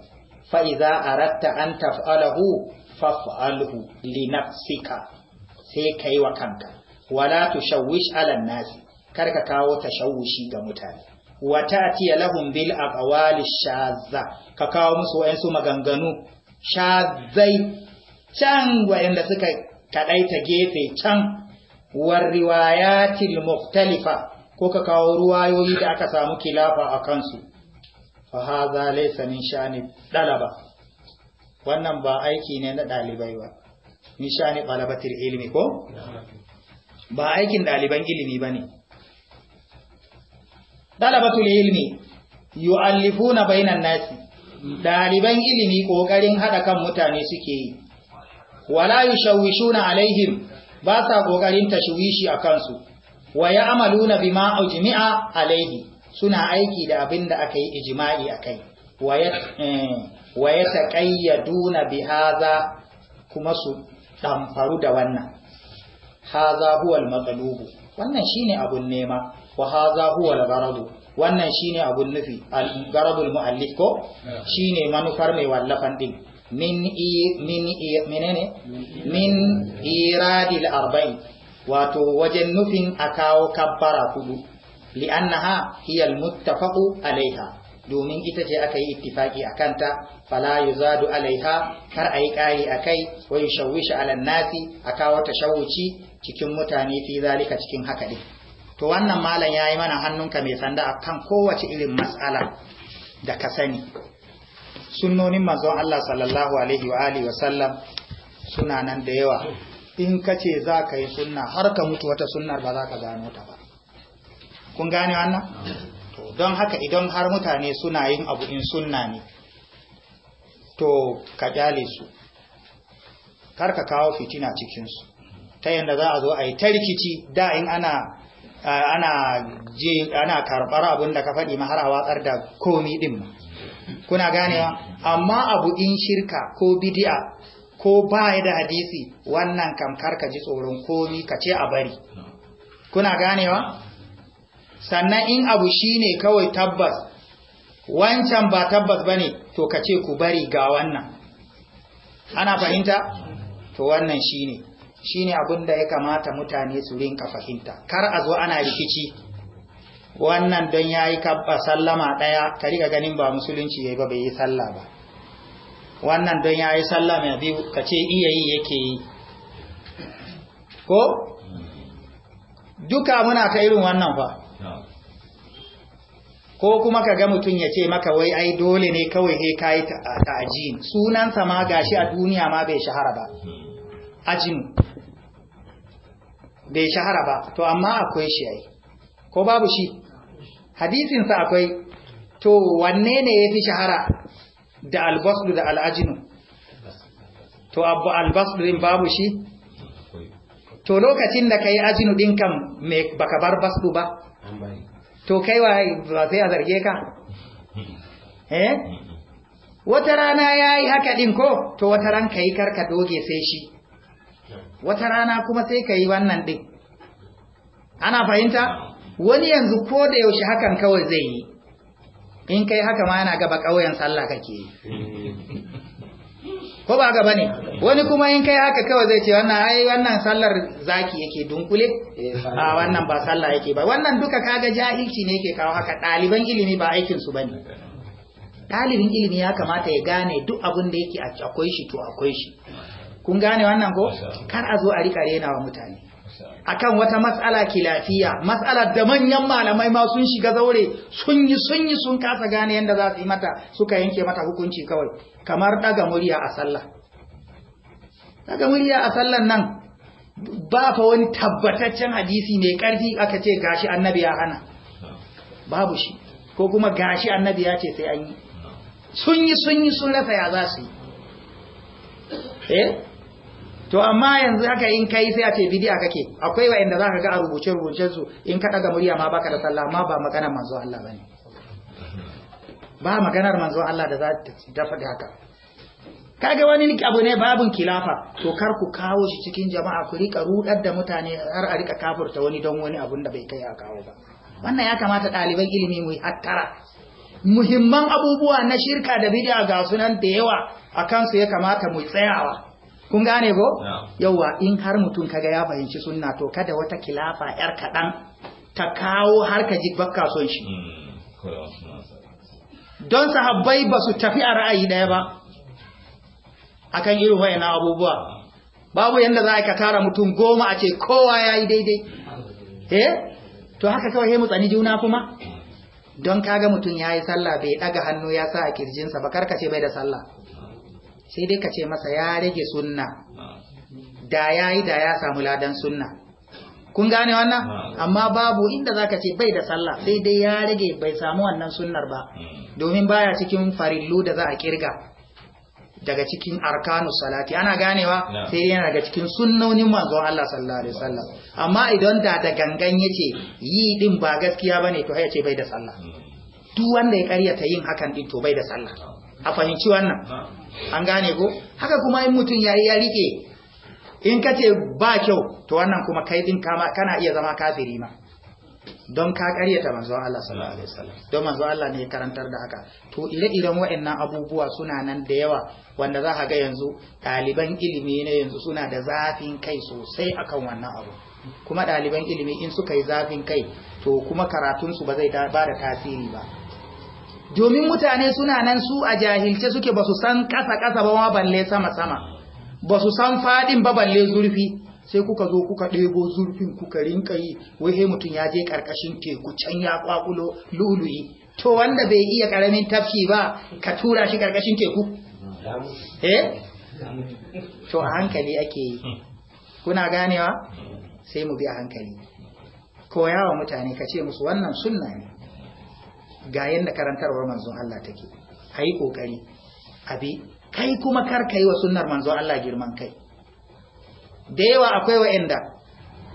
fa'iza a ratta an taf'alahu faf'alhu linafsika sai kai wa kanka wala tushawwish alan nasi kar ka kawo tashawushi ga mutane wa ta'tiya lahum bil aqwali shazza ka kawo musu wayansu maganganu Shazai can wayanda suka ta gefe can war riwayatil mukhtalifa ko ka kawo ruwayoyi da aka samu kilafa a kansu fa haza laysa min shani dalaba wannan ba aiki ne na dalibai ba min shani talabatil ilmi ko ba aikin daliban ilimi bane dalabatul ilmi yu'allifuna bainan nasi daliban ilimi kokarin hada kan mutane suke yi wala yushawishuna alaihim ba sa kokarin tashwishi a kansu wa ya'maluna bima ujmi'a alaihi suna aiki da abin da aka yi ijma'i akai wa eh, bi haza kuma su damfaru da wannan haza huwal matsalubu wannan ne abun nema wa haza huwal garabu wannan ne abun nufi al muallif ko shine manufar mai wallafan ɗin. min min menene min arba'in wato wajen nufin a kawo kabbara hudu li'annaha hiya almuttafaqu alaiha domin ita ce aka yi ittifaƙi a kanta fala yuzadu alaiha kar ayi kari akai wa yushawishu ala nasi a kawo tashawuci cikin mutane fi zalika cikin haka to wannan malam ya yi mana hannunka mai sanda akan kowace irin matsala da ka sani sunnonin manzon Allah sallallahu alaihi wa alihi wa sallam suna nan da yawa in ka ce za ka yi sunna har ka mutu wata sunnar ba za ka gano ta ba kun gane wannan don haka idan har mutane suna yin abu in sunna ne to ka kyale su kar ka kawo fitina cikinsu ta yadda za a zo a yi ta rikici da in ana ana karɓar abin da ka faɗi ma har a watsar da komi ɗin ma kuna ganewa amma abu in shirka ko bidiya ko baya da hadisi wannan kamkar ka ji tsoron komi ka ce a bari kuna ganewa sannan in abu shine kawai tabbas wancan ba tabbas bane to ka ce ku bari ga wannan ana fahimta to wannan shine shine abin da ya kamata mutane su rinka fahimta kar a zo ana rikici wannan don ya yi kabba sallama ɗaya ka riga ganin ba musulunci ya yi ba bai yi salla ba wannan don ya yi sallama biyu ka ce iya yi yake yi ko duka muna ta irin wannan fa ko kuma ka ga mutum ya ce maka wai ai dole ne kawai he ta ta'ajin sunansa ma gashi a duniya ma bai shahara ba ajin bai shahara ba to amma akwai shi ai ko babu shi hadisinsa akwai to wanne ne ya fi shahara da albasdu da al'ajinu to abu albasdu din babu shi to lokacin da ka yi ajinu ɗin kan baka bar basdu ba to kai wa ba sai a zarge ka eh wata rana ya yi haka din ko to wata ran ka yi karka doge sai shi wata rana kuma sai ka yi wannan din? ana fahimta? wani yanzu ko da yaushe hakan kawai zai yi in kai haka ma yana gaba ƙauyen sallah kake yi ko ba gaba ne wani kuma in kai haka kawai zai ce wannan ai wannan sallar zaki yake dunkule a wannan ba sallah yake ba wannan duka kaga jahilci ne yake kawo haka ɗaliban ilimi ba aikin su bane ɗalibin ilimi ya kamata ya gane duk abin da yake akwai shi to akwai shi kun gane wannan ko kar a zo a rika rena wa mutane akan wata matsala lafiya, matsalar da manyan malamai ma sun shiga zaure sun yi sun yi sun kasa gane yadda za su yi mata suka yanke mata hukunci kawai kamar daga murya a sallah daga murya a sallan nan ba fa wani tabbataccen hadisi mai karfi aka ce gashi annabi ya hana babu shi ko kuma gashi annabi ya ce sai an yi sun yi sun yi sun rasa ya za su yi eh? to amma yanzu haka in kai sai a ce bid'a kake akwai wa'anda zaka ga a rubuce rubucen su in ka daga murya ma baka da sallah amma ba magana manzo Allah bane ba maganar manzo Allah da za ta faɗi haka kage wani abu ne babun kilafa to kar ku kawo shi cikin jama'a ku rika rudar da mutane har a rika kafurta wani don wani abun da bai kai a kawo ba wannan ya kamata ɗaliban ilimi mu hattara muhimman abubuwa na shirka da bid'a ga sunan da yawa akan su ya kamata mu tsayawa kun gane ko yawa in har mutum kaga ya fahimci sunna to kada wata kilafa yar kaɗan ta kawo har ka ji bakka son shi hmm, don sahabbai ba su tafi a ra'ayi daya ba akan irin wayan abubuwa babu yanda za ka tara mutum goma a ce kowa ya yi daidai eh to haka kawai he mutsani juna kuma don kaga mutum ya yi sallah bai ɗaga hannu ya sa a kirjinsa ba ce bai da sallah sai dai ka ce masa ya rage sunna da ya yi da ya samu ladan sunna kun gane wannan amma babu inda zaka ce bai da sallah sai dai ya rage bai samu wannan sunnar ba domin baya cikin farillu da za a kirga daga cikin arkanu salati ana ganewa sai yana daga cikin sunnonin manzon Allah sallallahu alaihi wasallam amma idan da da gangan yace yi din ba gaskiya bane to ya ce bai da sallah hmm. duk wanda ya karyata yin hakan din to bai da sallah a fahimci wannan an gane ko haka kuma in mutum ya ya rike in ka ce ba kyau to wannan kuma kai din kana iya zama kafiri ma don ka karyata manzo Allah sallallahu alaihi wasallam don manzo Allah ne ya karantar da haka to ire-iren waɗannan abubuwa suna nan da yawa wanda za ka ga yanzu ɗaliban ilimi ne yanzu suna da zafin kai sosai akan wannan abu kuma ɗaliban ilimi in suka yi zafin kai to kuma karatunsu ba zai ba da tasiri ba domin mutane suna nan su a jahilce suke ba su san kasa-kasa ba ma balle sama-sama ba su san faɗin ba balle zurfi sai kuka zo kuka ɗebo zurfin kuka rinka yi wai mutum ya je ƙarƙashin teku can ya ƙwaƙulo luluyi to wanda bai iya ƙaramin tafki ba ka tura shi ƙarƙashin teku eh to a hankali ake yi kuna ganewa sai mu bi a hankali wa mutane ka ce musu wannan sunna ne ga yadda karantarwar manzon Allah take a yi ƙoƙari abi kai kuma kar ka yi wa sunnar manzon Allah girman kai da yawa akwai wa'anda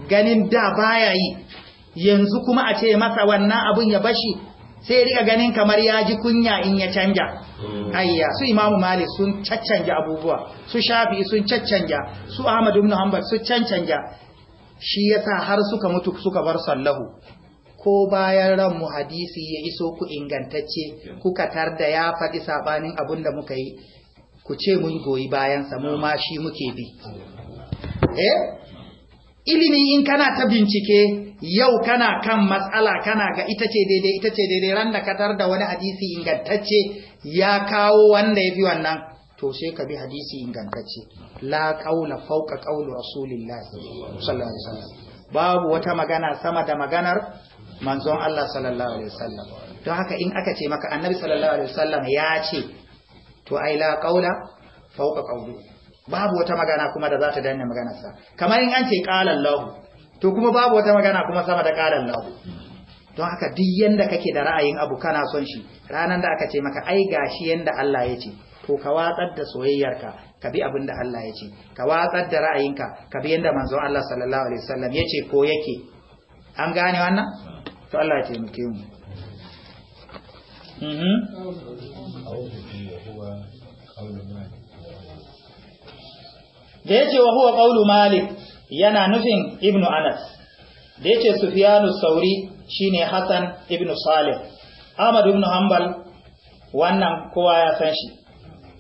ganin da baya yi yanzu kuma a ce masa wannan abun ya bashi sai rika ganin kamar ya ji kunya in ya canja mm. ayya su imamu malik sun caccanja abubuwa su shafi sun caccanja su Ahmadu ibn hanbal sun caccanja shi yasa har suka mutu suka bar sallahu ko bayan ran mu hadisi ya iso ku ingantacce kuka tar da ya faɗi saɓanin abun da muka yi ku ce mun goyi bayansa mu ma shi muke bi eh ilimi in kana ta bincike yau kana kan matsala kana ga ita ce daidai ita ce daidai ran da katar da wani hadisi ingantacce ya kawo wanda ya fi wannan to sai ka bi hadisi ingantacce la qaula fawqa qauli rasulillahi sallallahu alaihi wasallam babu wata magana sama da maganar manzon Allah sallallahu alaihi wasallam don haka in aka ce maka annabi sallallahu alaihi wasallam ya ce to ai la qaula fawqa qawli babu wata magana kuma da za ta danne maganarsa kamar in an ce qala Allah to kuma babu wata magana kuma sama da qala Allah don haka duk yanda kake da ra'ayin abu kana son shi ranan da aka ce maka ai gashi yanda Allah ya ce to ka watsar da soyayyarka ka bi abin da Allah ya ce ka watsar da ra'ayinka ka bi yanda manzon Allah sallallahu alaihi wasallam ya ce ko yake an gane wannan to Allah ya taimake mu mhm. da yace wa huwa qaulu malik yana nufin ibnu anas da yace sufyanu sauri shine hasan ibnu salih ahmad ibnu hanbal wannan kowa ya san shi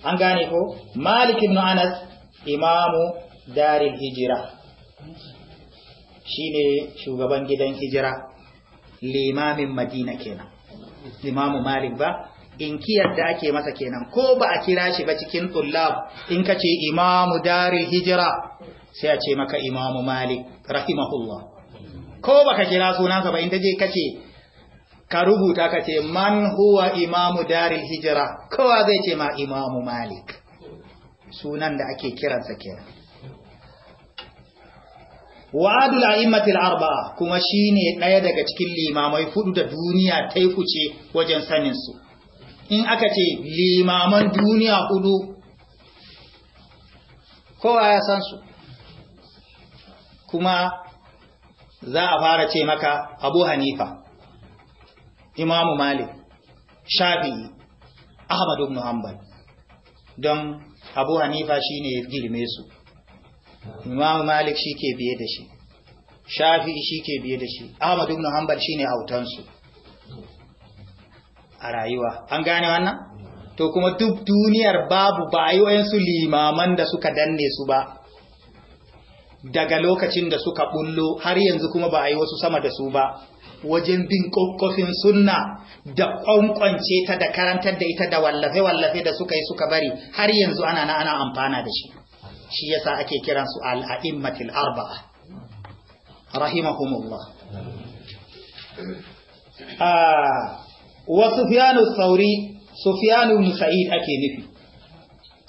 an gane ko malik ibnu anas imamu daril hijira shine shugaban gidan hijira limamin madina kenan limamu malik ba inkiyar da ake masa kenan ko ba a kira shi ba cikin tullab in ka ce imamu darin hijira sai a ce maka imamu malik rahimahullah ko ba ka kira sunansa ba in ta je ka ce ka rubuta ka ce man huwa imamu darin hijira kowa zai ce ma imamu malik sunan da ake kiransa kenan wa'adul a'immatil arba'a kuma shine ɗaya daga cikin limamai huɗu da duniya ta kuce wajen sanin su in aka ce limaman duniya hudu kowa ya san su kuma za a fara ce maka Abu Hanifa Imamu Malik Shafi'i Ahmad ibn Hanbal don Abu Hanifa shine ya girme su imamu malik shi ke biye da shi shafi shi ke biye da shi ahmad ibn hanbal shine autansu a rayuwa an gane wannan to kuma duk duniyar babu ba su limaman da suka danne su ba daga lokacin da suka bullo har yanzu kuma ba a yi wasu sama da su ba wajen bin kokofin sunna da kwankwance ta da karantar da ita da wallafe-wallafe da suka yi suka bari har yanzu ana ana amfana da shi shi yasa ake kiransu al'a'immatil arba'a rahimahumullah ah, wa sufyanu sauri sufyanu ibn sa'id ake nufi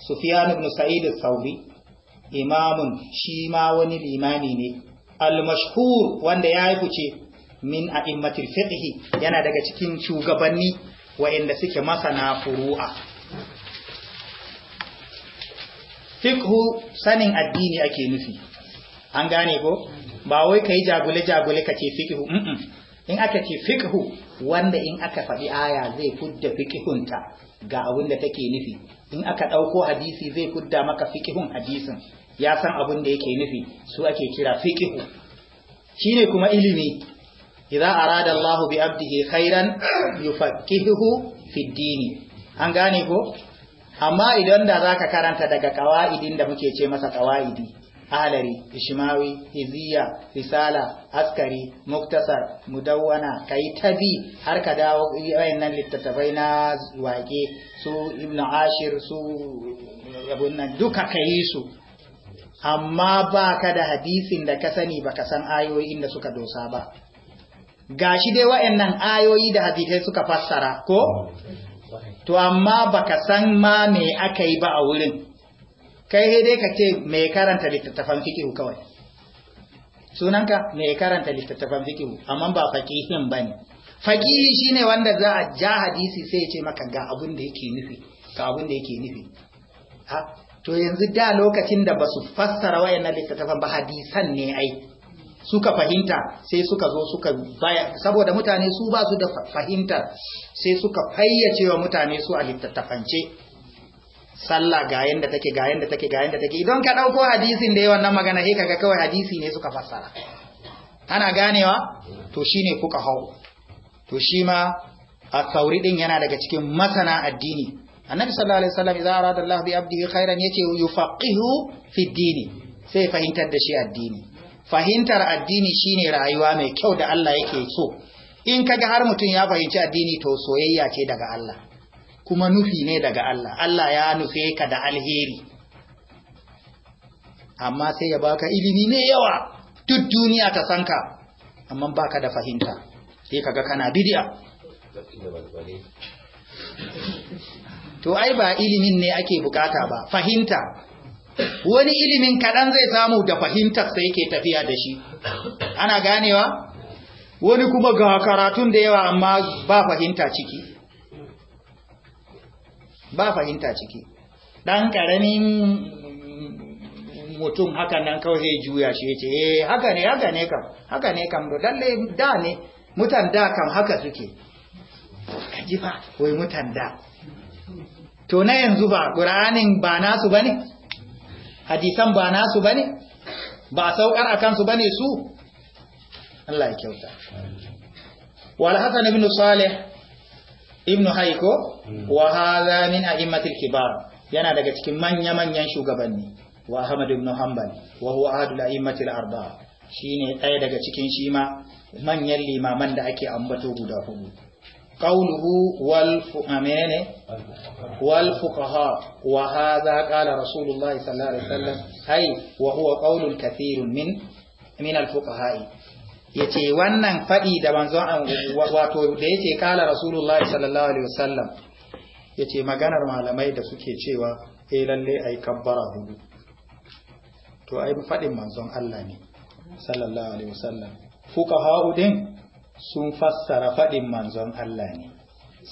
sufyanu ibn sa'id sauri imamun shi ma wani limami ne al-mashhur wanda ya yi ce min a'immatil fiqh yana daga cikin shugabanni wa'inda suke masana furu'a fiqhu sanin addini ake nufi an gane ko ba wai kai jagule jagule kace fiqhu mm in aka ce fiqhu wanda in aka faɗi aya zai fudda fiqhun ta ga abin da take nufi in aka ɗauko hadisi zai fudda maka fiqhun hadisin ya san abin da yake nufi su ake kira fiqhu shine kuma ilimi idza arada Allahu bi abdihi khairan yufaqihuhu fi dini an gane ko amma idan da za ka karanta daga ƙawa'idin da muke ce masa ƙawa'idi alari ishimawi iziya risala askari muktasar mudawwana kai tabi har ka dawo wayannan littattafai na wake su ibnu ashir su abunnan duka kai su amma ba ka da hadisin da ka sani ba ka san ayoyin da suka dosa ba gashi dai wayannan ayoyi da hadisai suka fassara ko to amma baka san ma me aka yi ba a wurin kai dai ka ce mai karanta littattafan fikihu kawai sunanka mai karanta littattafan fikihu amma ba fakihin bane fakihi shine wanda za a ja hadisi sai ya ce maka ga abin da yake nufi ga abin da yake nufi to yanzu da lokacin da ba su fassara wayannan littattafan ba hadisan ne ai suka fahimta sai suka zo suka baya saboda mutane su ba su da fahimta, sai suka fayyace wa mutane su a littattafance sallah ga yanda take ga yanda take ga yanda take idan ka dauko hadisin da yawan nan magana sai kaga kawai hadisi ne suka fassara ana ganewa to shine fuka hawo to shi ma a din yana daga cikin masana addini annabi sallallahu alaihi wasallam idza arada Allah bi abdihi khairan yace yufaqihu fi dini sai fahimtar da shi addini fahimtar addini shine rayuwa mai kyau da Allah yake so in kaga har mutum ya fahimci addini to soyayya ce daga Allah kuma nufi ne daga Allah Allah ya nufe ka da alheri amma sai ya baka ilimi ne yawa duk duniya ta san ka amma baka da fahimta sai kaga kana bid'a to ai ba ilimin ne ake bukata ba fahimta wani ilimin kaɗan zai samu da fahimtar sai yake tafiya da shi ana ganewa wani kuma ga karatun da yawa amma ba fahimta ciki ba fahimta ciki ɗan ƙaramin mutum haka nan kawai zai juya shi ce eh haka ne haka ne kam haka ne kam lalle da ne mutan da kam haka suke kaji ba wai mutan da to na yanzu ba ƙuranin ba nasu ba ne hadisan ba nasu bane ba saukar akan su bane su Allah ya kyauta wal hasan ibn salih ibn haiko wa hadha min a'immatil kibar yana daga cikin manya manyan shugabanni wa ahmad ibn hanbal wa huwa ahadul a'immatil arba'a shine ɗaya daga cikin shima ma manyan limaman da ake ambato guda hudu qawluhu wal fuqamene wal fuqaha wa hadha qala rasulullah sallallahu alaihi wasallam hay wa huwa qawlun kathirun min min al fuqaha yace wannan faɗi da manzon an wato da yace kala rasulullah sallallahu alaihi wasallam yace maganar malamai da suke cewa eh lalle ai kabbara hudu to ai faɗin manzon Allah ne sallallahu alaihi wasallam fuqaha din sun fassara faɗin manzon Allah ne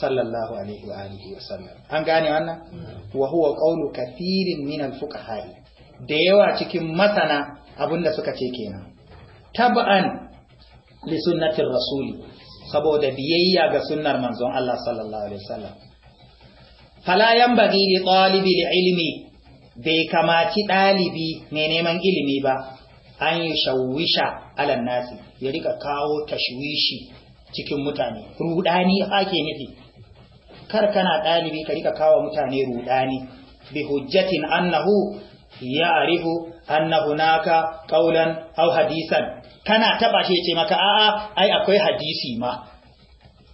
sallallahu alaihi wa’alihi wa sallam an gane wannan wa huwa qawlu kathirin min fuka hari, da yawa cikin masana abinda suka ce kenan tab'an li sunnatin rasuli saboda biyayya ga sunnar manzon Allah sallallahu alaihi wa sallam fala li talibi li ilimi, bai kamaci ɗalibi mai neman ilimi ba an yi shawisha alan nasi ya rika kawo tashwishi cikin mutane rudani ake nufi kar kana ɗalibi ka rika kawo mutane rudani bi hujjatin annahu ya'rifu annahu naka qaulan aw hadisan kana taba shi ce maka a'a ai akwai hadisi ma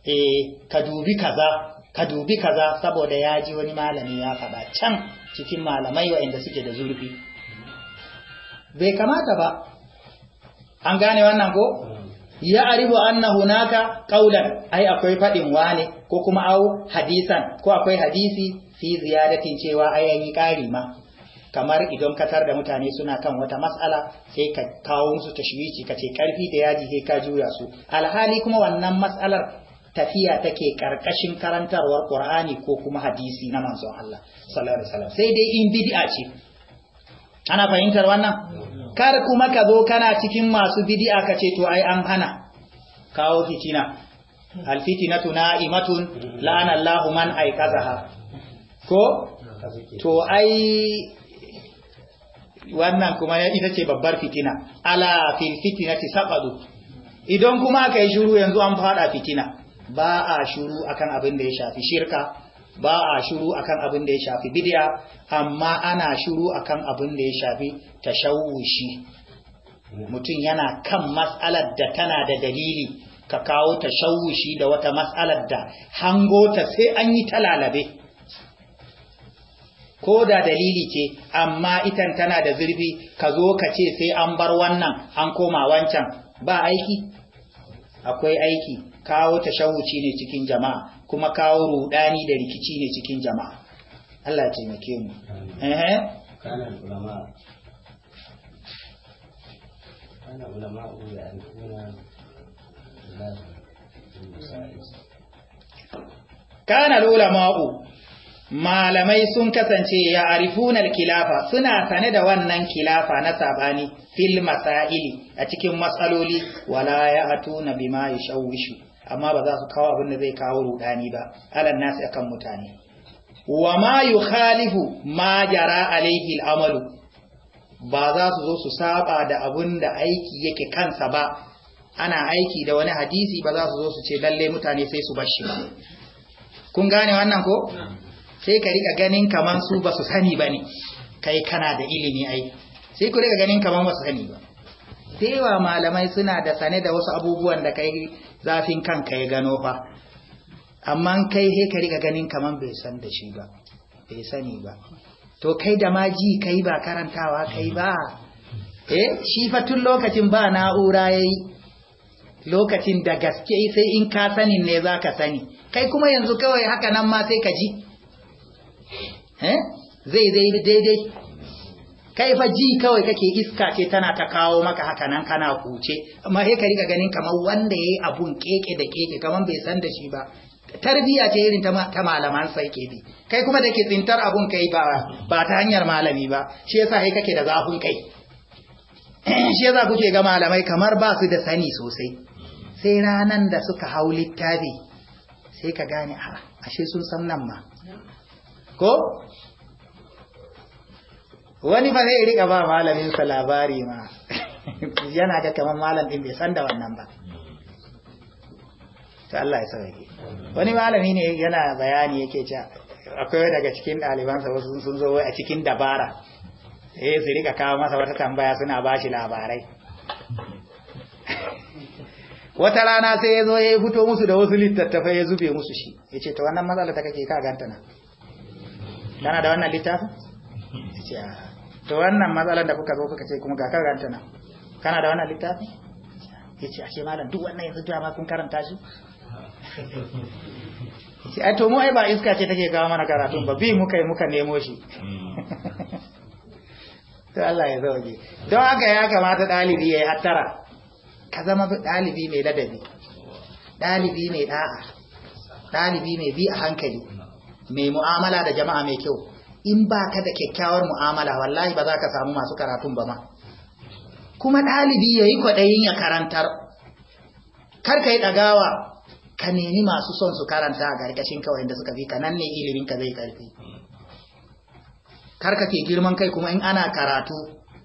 eh ka dubi kaza ka dubi kaza saboda ya ji wani malami ya faɗa can cikin malamai inda suke da zurfi bai kamata ba an gane wannan ko ya arifu anna hunaka qaulan ai akwai fadin wane ko kuma au hadisan ko akwai hadisi fi ziyadatin cewa ai yayi kari ma kamar idan katar da mutane suna kan wata matsala, sai ka kawo musu tashwici kace karfi da yaji sai ka juya su alhali kuma wannan matsalar tafiya take karkashin karantarwar Qur'ani ko kuma hadisi na manzon Allah sallallahu alaihi wasallam sai dai in bid'a ce ana fahimtar wannan kar kuma ka zo kana cikin masu bid'a ka ce to ai an hana kawo fitina alfitinatu na'imatun la'ana Allahu man aikazaha. ko to ai wannan kuma ita ce babbar fitina ala fil fitinati saqadu idan kuma kai shiru yanzu an fada fitina ba a shiru akan abin da ya shafi shirka ba a shiru akan abin da ya shafi bidiya amma ana shiru akan abin da ya shafi tashawushi mutum yana kan matsalar da tana da dalili ka kawo tashawushi da wata matsalar da hangota sai an yi ta lalabe ko da dalili ce amma itan tana da zurfi ka zo ka ce sai an bar wannan an koma wancan ba aiki akwai aiki kawo tashawuci ne cikin jama'a kuma kawo rudani da rikici ne cikin jama'a Allah taimake mu eh kana ulama kana ulama kana ulama'u malamai sun kasance ya arifuna kilafa suna sane da wannan kilafa na sabani fil masaili a cikin matsaloli wala ya atuna bima yashawishu amma ba za su kawo abin da zai kawo rudani ba alan nasi akan mutane wa ma yukhalifu ma jara alaihi al'amalu ba za su zo su saba da abin da aiki yake kansa ba ana aiki da wani hadisi ba za su zo su ce lalle mutane sai su bashi ba kun gane wannan ko sai ka rika ganin kaman su ba su sani bane kai kana da ilimi ai sai ku rika ganin kaman ba su sani ba dewa malamai suna da sane da wasu abubuwan da kai zafin kanka ya gano fa amma kai he ka riga ganin kaman bai san da shi ba bai sani ba to kai da ma ji kai ba karantawa kai ba eh shi fa tun lokacin ba na'ura yayi lokacin da gaske sai in ka sani ne zaka sani kai kuma yanzu kawai haka nan ma sai ka ji eh zai zai daidai kai fa ji kawai kake iska ce tana ta kawo maka haka nan kana kuce amma sai ka rika ganin kamar wanda yayi abun keke da keke kamar bai san da shi ba tarbiya ce irin ta malaman sai ke bi kai kuma dake tsintar abun kai ba ba ta hanyar malami ba shi yasa kai kake da zafin kai (clears throat) shi yasa kuke ga malamai kamar ba su da sani sosai sai ranan da suka hau littafi sai ka gane a ashe sun san nan ma ko wani ba zai rika ba malaminsa labari ma (laughs) yana ga kamar malam din bai san da wannan ba ta Allah ya sauke wani malami ne yana bayani yake cewa akwai daga cikin ɗalibansa wasu sun zo a cikin dabara eh su rika kawo masa wata tambaya suna bashi labarai (laughs) wata rana sai ya zo ya fito musu da wasu littattafai ya zube musu shi ya ce ta wannan matsala ta kake ka ganta na kana da wannan littafin ya ce ah. to wannan matsalar da kuka zo kuka ce kuma ga karanta nan kana da wannan littafi ce ashe malam duk wannan yanzu dama kun karanta shi ce ai to mu ai ba iska ce take kawo mana karatu ba bi muka yi muka nemo shi (laughs) to Allah ya zauke don haka ya kamata dalibi yi hattara ka zama dalibi mai ladabi dalibi mai da'a dalibi mai bi a hankali mai mu'amala da jama'a mai kyau in ba ka da kyakkyawar mu'amala wallahi ba za ka samu masu karatun ba ma kuma ɗalibi ya yi kwaɗayin ya karantar kar ka yi ɗagawa ka nemi masu son su karanta a ƙarƙashin kawai da suka fi ka nan ne ilimin ka zai ƙarfi kar ka ke girman kai kuma in ana karatu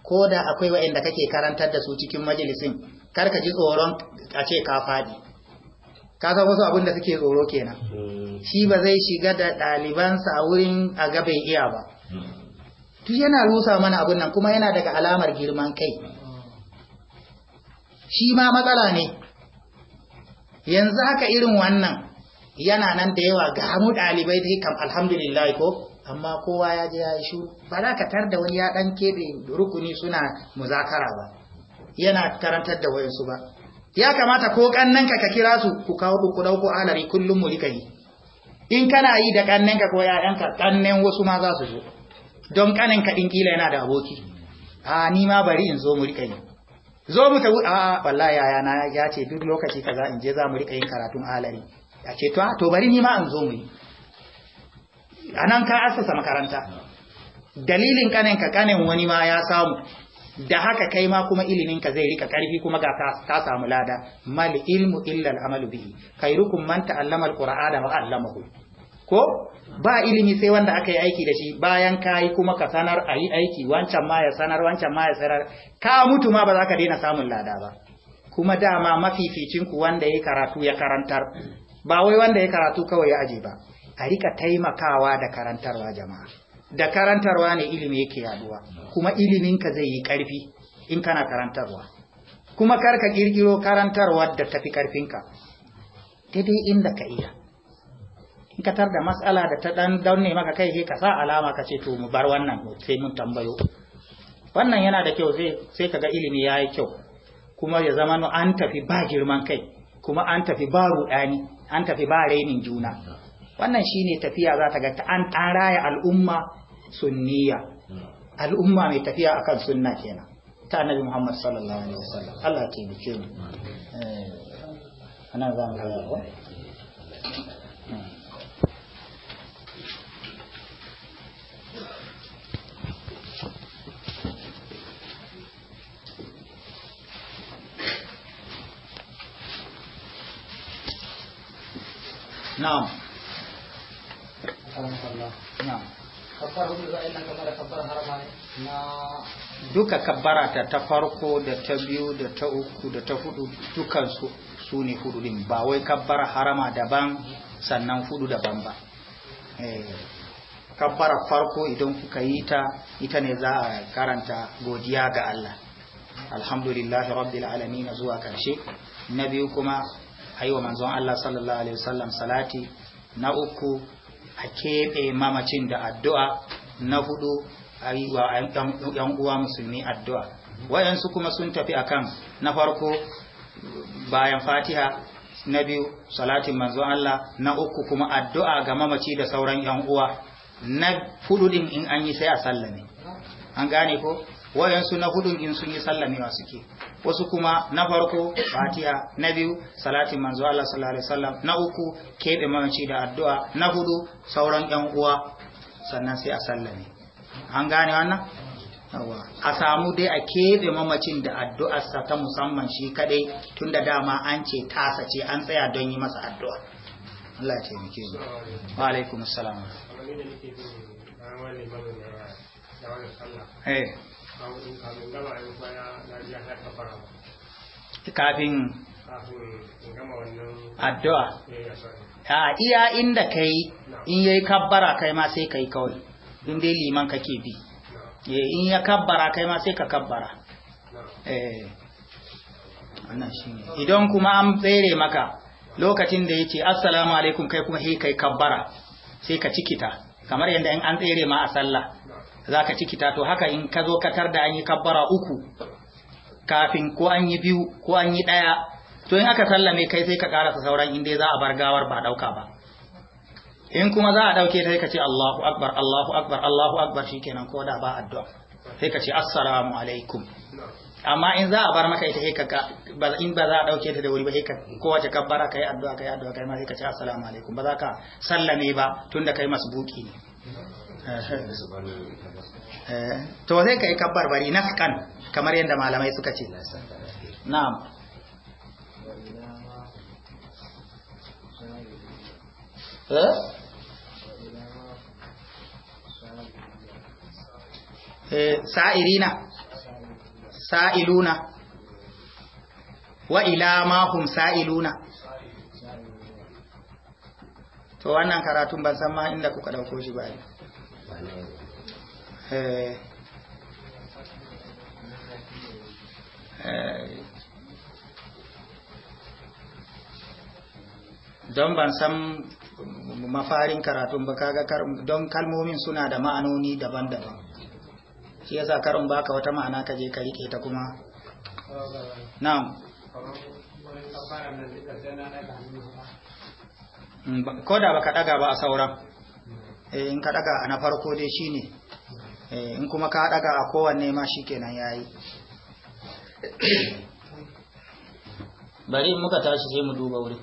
ko da akwai waɗanda kake karantar da su cikin majalisin kar ka ji tsoron a ce ka faɗi san wasu abin da suke tsoro kenan hmm. shi ba zai shiga da ɗalibansa a wurin a ga iya ba tu yana rusa mana abin nan kuma yana daga alamar girman kai shi ma matsala ne yanzu haka irin wannan yana nan da yawa ga mu ɗalibai da kam alhamdulillah ko amma kowa ya je ya yi shu ba za ka tar da wani ya ɗan keɓe rukuni suna muzakara ba yana karantar da wayansu ba ya kamata ko kannanka ka kira su ku kawo ku dauko alari kullum mu rika yi in kana yi da kannanka ko yayanka kannen wasu ma za su zo don kaninka din kila yana da aboki a ni ma bari in zo mu rika yi zo mu ta a wallahi yaya na ya ce duk lokaci kaza in je za mu rika yin karatun alari ya ce to to bari ni ma in zo mu yi anan ka asasa makaranta dalilin kaninka kanin wani ma ya samu da haka kai ma kuma ilimin ka zai rika karfi kuma ga ka samu lada mal ilmu illa al amalu bihi khairukum man ta'allama al qur'ana wa 'allamahu ko ba ilimi sai wanda aka yi aiki da shi bayan kai kuma ka sanar ayi aiki wancan ma ya sanar wancan ma ya sanar ka mutu ma ba za ka daina samun lada ba kuma dama mafificin ku wanda ya karatu ya karantar ba wai wanda ya karatu kawai ya aje ba a rika taimakawa da karantarwa jama'a da karantarwa ne ilimi yake yaduwa kuma iliminka zai yi ƙarfi in kana karantarwa kuma karka ƙirƙiro karantarwa da tafi ƙarfinka daidai inda ka iya in ka tar da matsala da ta ɗan daune maka kai ka sa alama ka ce to mu bar wannan sai mun tambayo wannan yana da kyau sai ka ga ilimi ya yi kyau kuma ya zama an tafi ba girman kai kuma an tafi ba ruɗani an tafi ba rainin juna wannan shine tafiya za ta ga an raya al'umma sunniya الأمة متفيا أكل سنة هنا تعالى محمد صلى الله عليه وسلم الله كيف يكون أنا ذا مهلاه نعم duka kabbara ta ta farko da ta biyu da ta uku da ta hudu dukan su su ne hudu din ba wai kabbara harama daban sannan hudu daban ba eh, kabbara farko idan kuka yi ta ita ne za a karanta godiya ga Allah alhamdulillahi rabbil alamin zuwa karshe na biyu kuma aiwa manzon Allah sallallahu alaihi wasallam salati na uku a keɓe mamacin da addu'a na hudu ayi wa yan uwa musulmi addu'a wayansu kuma sun tafi akan na farko bayan fatiha na biyu salatin manzo Allah na uku kuma addu'a ga mamaci da sauran yan uwa na hudu din in an yi sai a sallame an gane ko wayansu na hudun in sun yi sallame sallamewa suke wasu kuma na farko fatiha na biyu salatin manzo Allah sallallahu alaihi wasallam na uku kebe mamaci da addu'a na hudu sauran yan uwa sannan sai a sallame an gane wannan a samu dai a keɓe mamacin da addu'arsa ta musamman shi kadai tun da dama an ce tasa ce an tsaya don yi masa addu'a Allah ya taimake mu wa alaikum assalam eh. kafin addu'a eh, a ah, iya inda kai in yayi kabbara kai ma sai kai kawai in dai liman kake bi eh, in ya kabbara kai ma sai ka kabbara eh, idan kuma an tsere maka lokacin da ya ce assalamu alaikum kai kuma kai kabbara sai ka cikita kamar yadda in an tsere ma a sallah za ka cikita to haka in ka zo katar da an yi kabbara uku kafin ko an yi biyu ko an yi ɗaya to in aka sallame kai sai ka karasa sauran inda za a bar gawar ba ɗauka ba in kuma za a ɗauke ta ka ce Allahu akbar Allahu akbar Allahu akbar shikenan ko da ba addu'a sai ka ce assalamu alaikum amma in za a bar maka ita heka in ba za a dauke ta da wuri ba heka ko kowace kabbara kai addu'a kai addu'a kai ma sai ka ce assalamu alaikum ba za ka sallame ba tunda kai masbuki ne eh, to sai kai kabbar bari naskan kamar yadda malamai suka ce na'am Eh, sa'irina sa'iluna wa ila sa'iluna to wannan karatun ban san ma inda kuka dauko shi ba ne eh. Eh. don ban san mafarin karatun ba kaga don kalmomin suna da ma'anoni daban-daban shi yasa karin baka wata ma'ana ka je ka rike ta kuma na'am mm, ko da baka daga ba a sauran eh, in ka daga na farko dai shine eh, in kuma ka daga a kowanne ma shikenan yayi (coughs) bari muka tashi sai mu duba wuri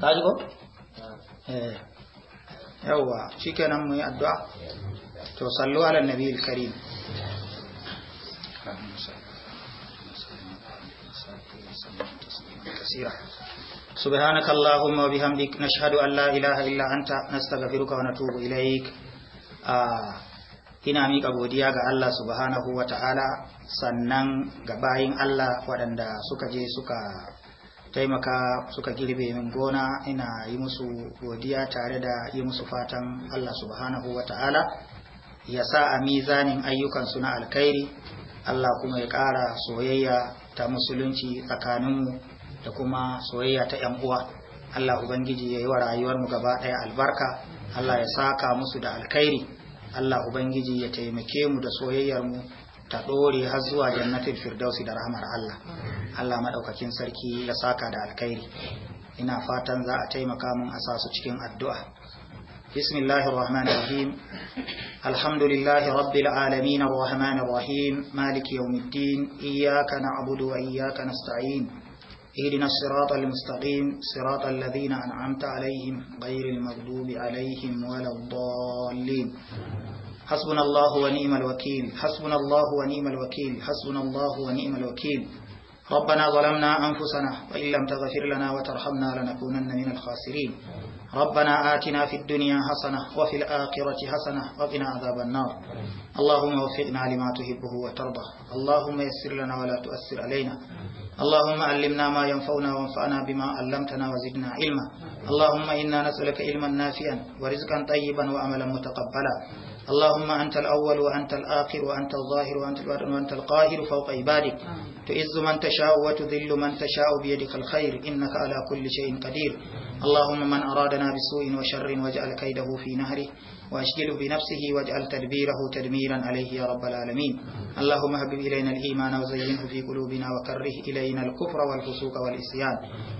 ka ji ko yawwa shikenan mu yi addu'a to sallu ala nabiyil karim سبحانك اللهم وبحمدك نشهد أن لا إله إلا godiya ga Allah subhanahu ta'ala sannan ga bayin Allah waɗanda suka je suka taimaka suka girbe min gona ina yi musu godiya tare da yi musu fatan Allah subhanahu wa ta'ala ya sa a mizanin ayyukansu na alkhairi Allah kuma ya ƙara soyayya ta musulunci tsakaninmu da kuma soyayya ta ‘yan uwa Allah Ubangiji ya yi wa rayuwarmu gaba ɗaya albarka Allah ya saka musu da alkhairi Allah Ubangiji ya taimake mu da soyayyarmu ta ɗore har zuwa jannatin firdausi da rahmar Allah Allah maɗaukakin sarki ya saka da alkhairi ina fatan za a taimaka mun a sa su cikin addu'a بسم الله الرحمن الرحيم الحمد لله رب العالمين الرحمن الرحيم مالك يوم الدين إياك نعبد وإياك نستعين اهدنا الصراط المستقيم صراط الذين أنعمت عليهم غير المغضوب عليهم ولا الضالين حسبنا الله ونعم الوكيل حسبنا الله ونعم الوكيل حسبنا الله ونعم الوكيل ربنا ظلمنا أنفسنا وإن لم تغفر لنا وترحمنا لنكونن من الخاسرين ربنا آتنا في الدنيا حسنة وفي الآخرة حسنة وقنا عذاب النار اللهم وفقنا لما تحبه وترضى اللهم يسر لنا ولا تؤثر علينا اللهم علمنا ما ينفعنا وانفعنا بما علمتنا وزدنا علما اللهم إنا نسألك علما نافيا ورزقا طيبا وعملا متقبلا اللهم أنت الأول وأنت الآخر وأنت الظاهر وأنت الوارد وأنت القاهر فوق عبادك تعز من تشاء وتذل من تشاء بيدك الخير إنك على كل شيء قدير اللهم من أرادنا بسوء وشر واجعل كيده في نهره وأشجل بنفسه واجعل تدبيره تدميرا عليه يا رب العالمين اللهم هب إلينا الإيمان وزينه في قلوبنا وكره إلينا الكفر والفسوق والإسيان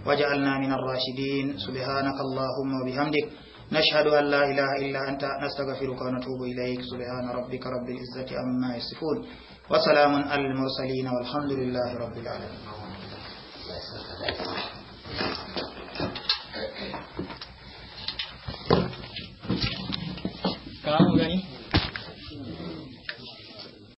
واجعلنا من الراشدين سبحانك اللهم وبحمدك نشهد أن لا إله إلا أنت نستغفرك ونتوب إليك سبحان ربك رب العزة أما يصفون وسلام على المرسلين والحمد لله رب العالمين كانوا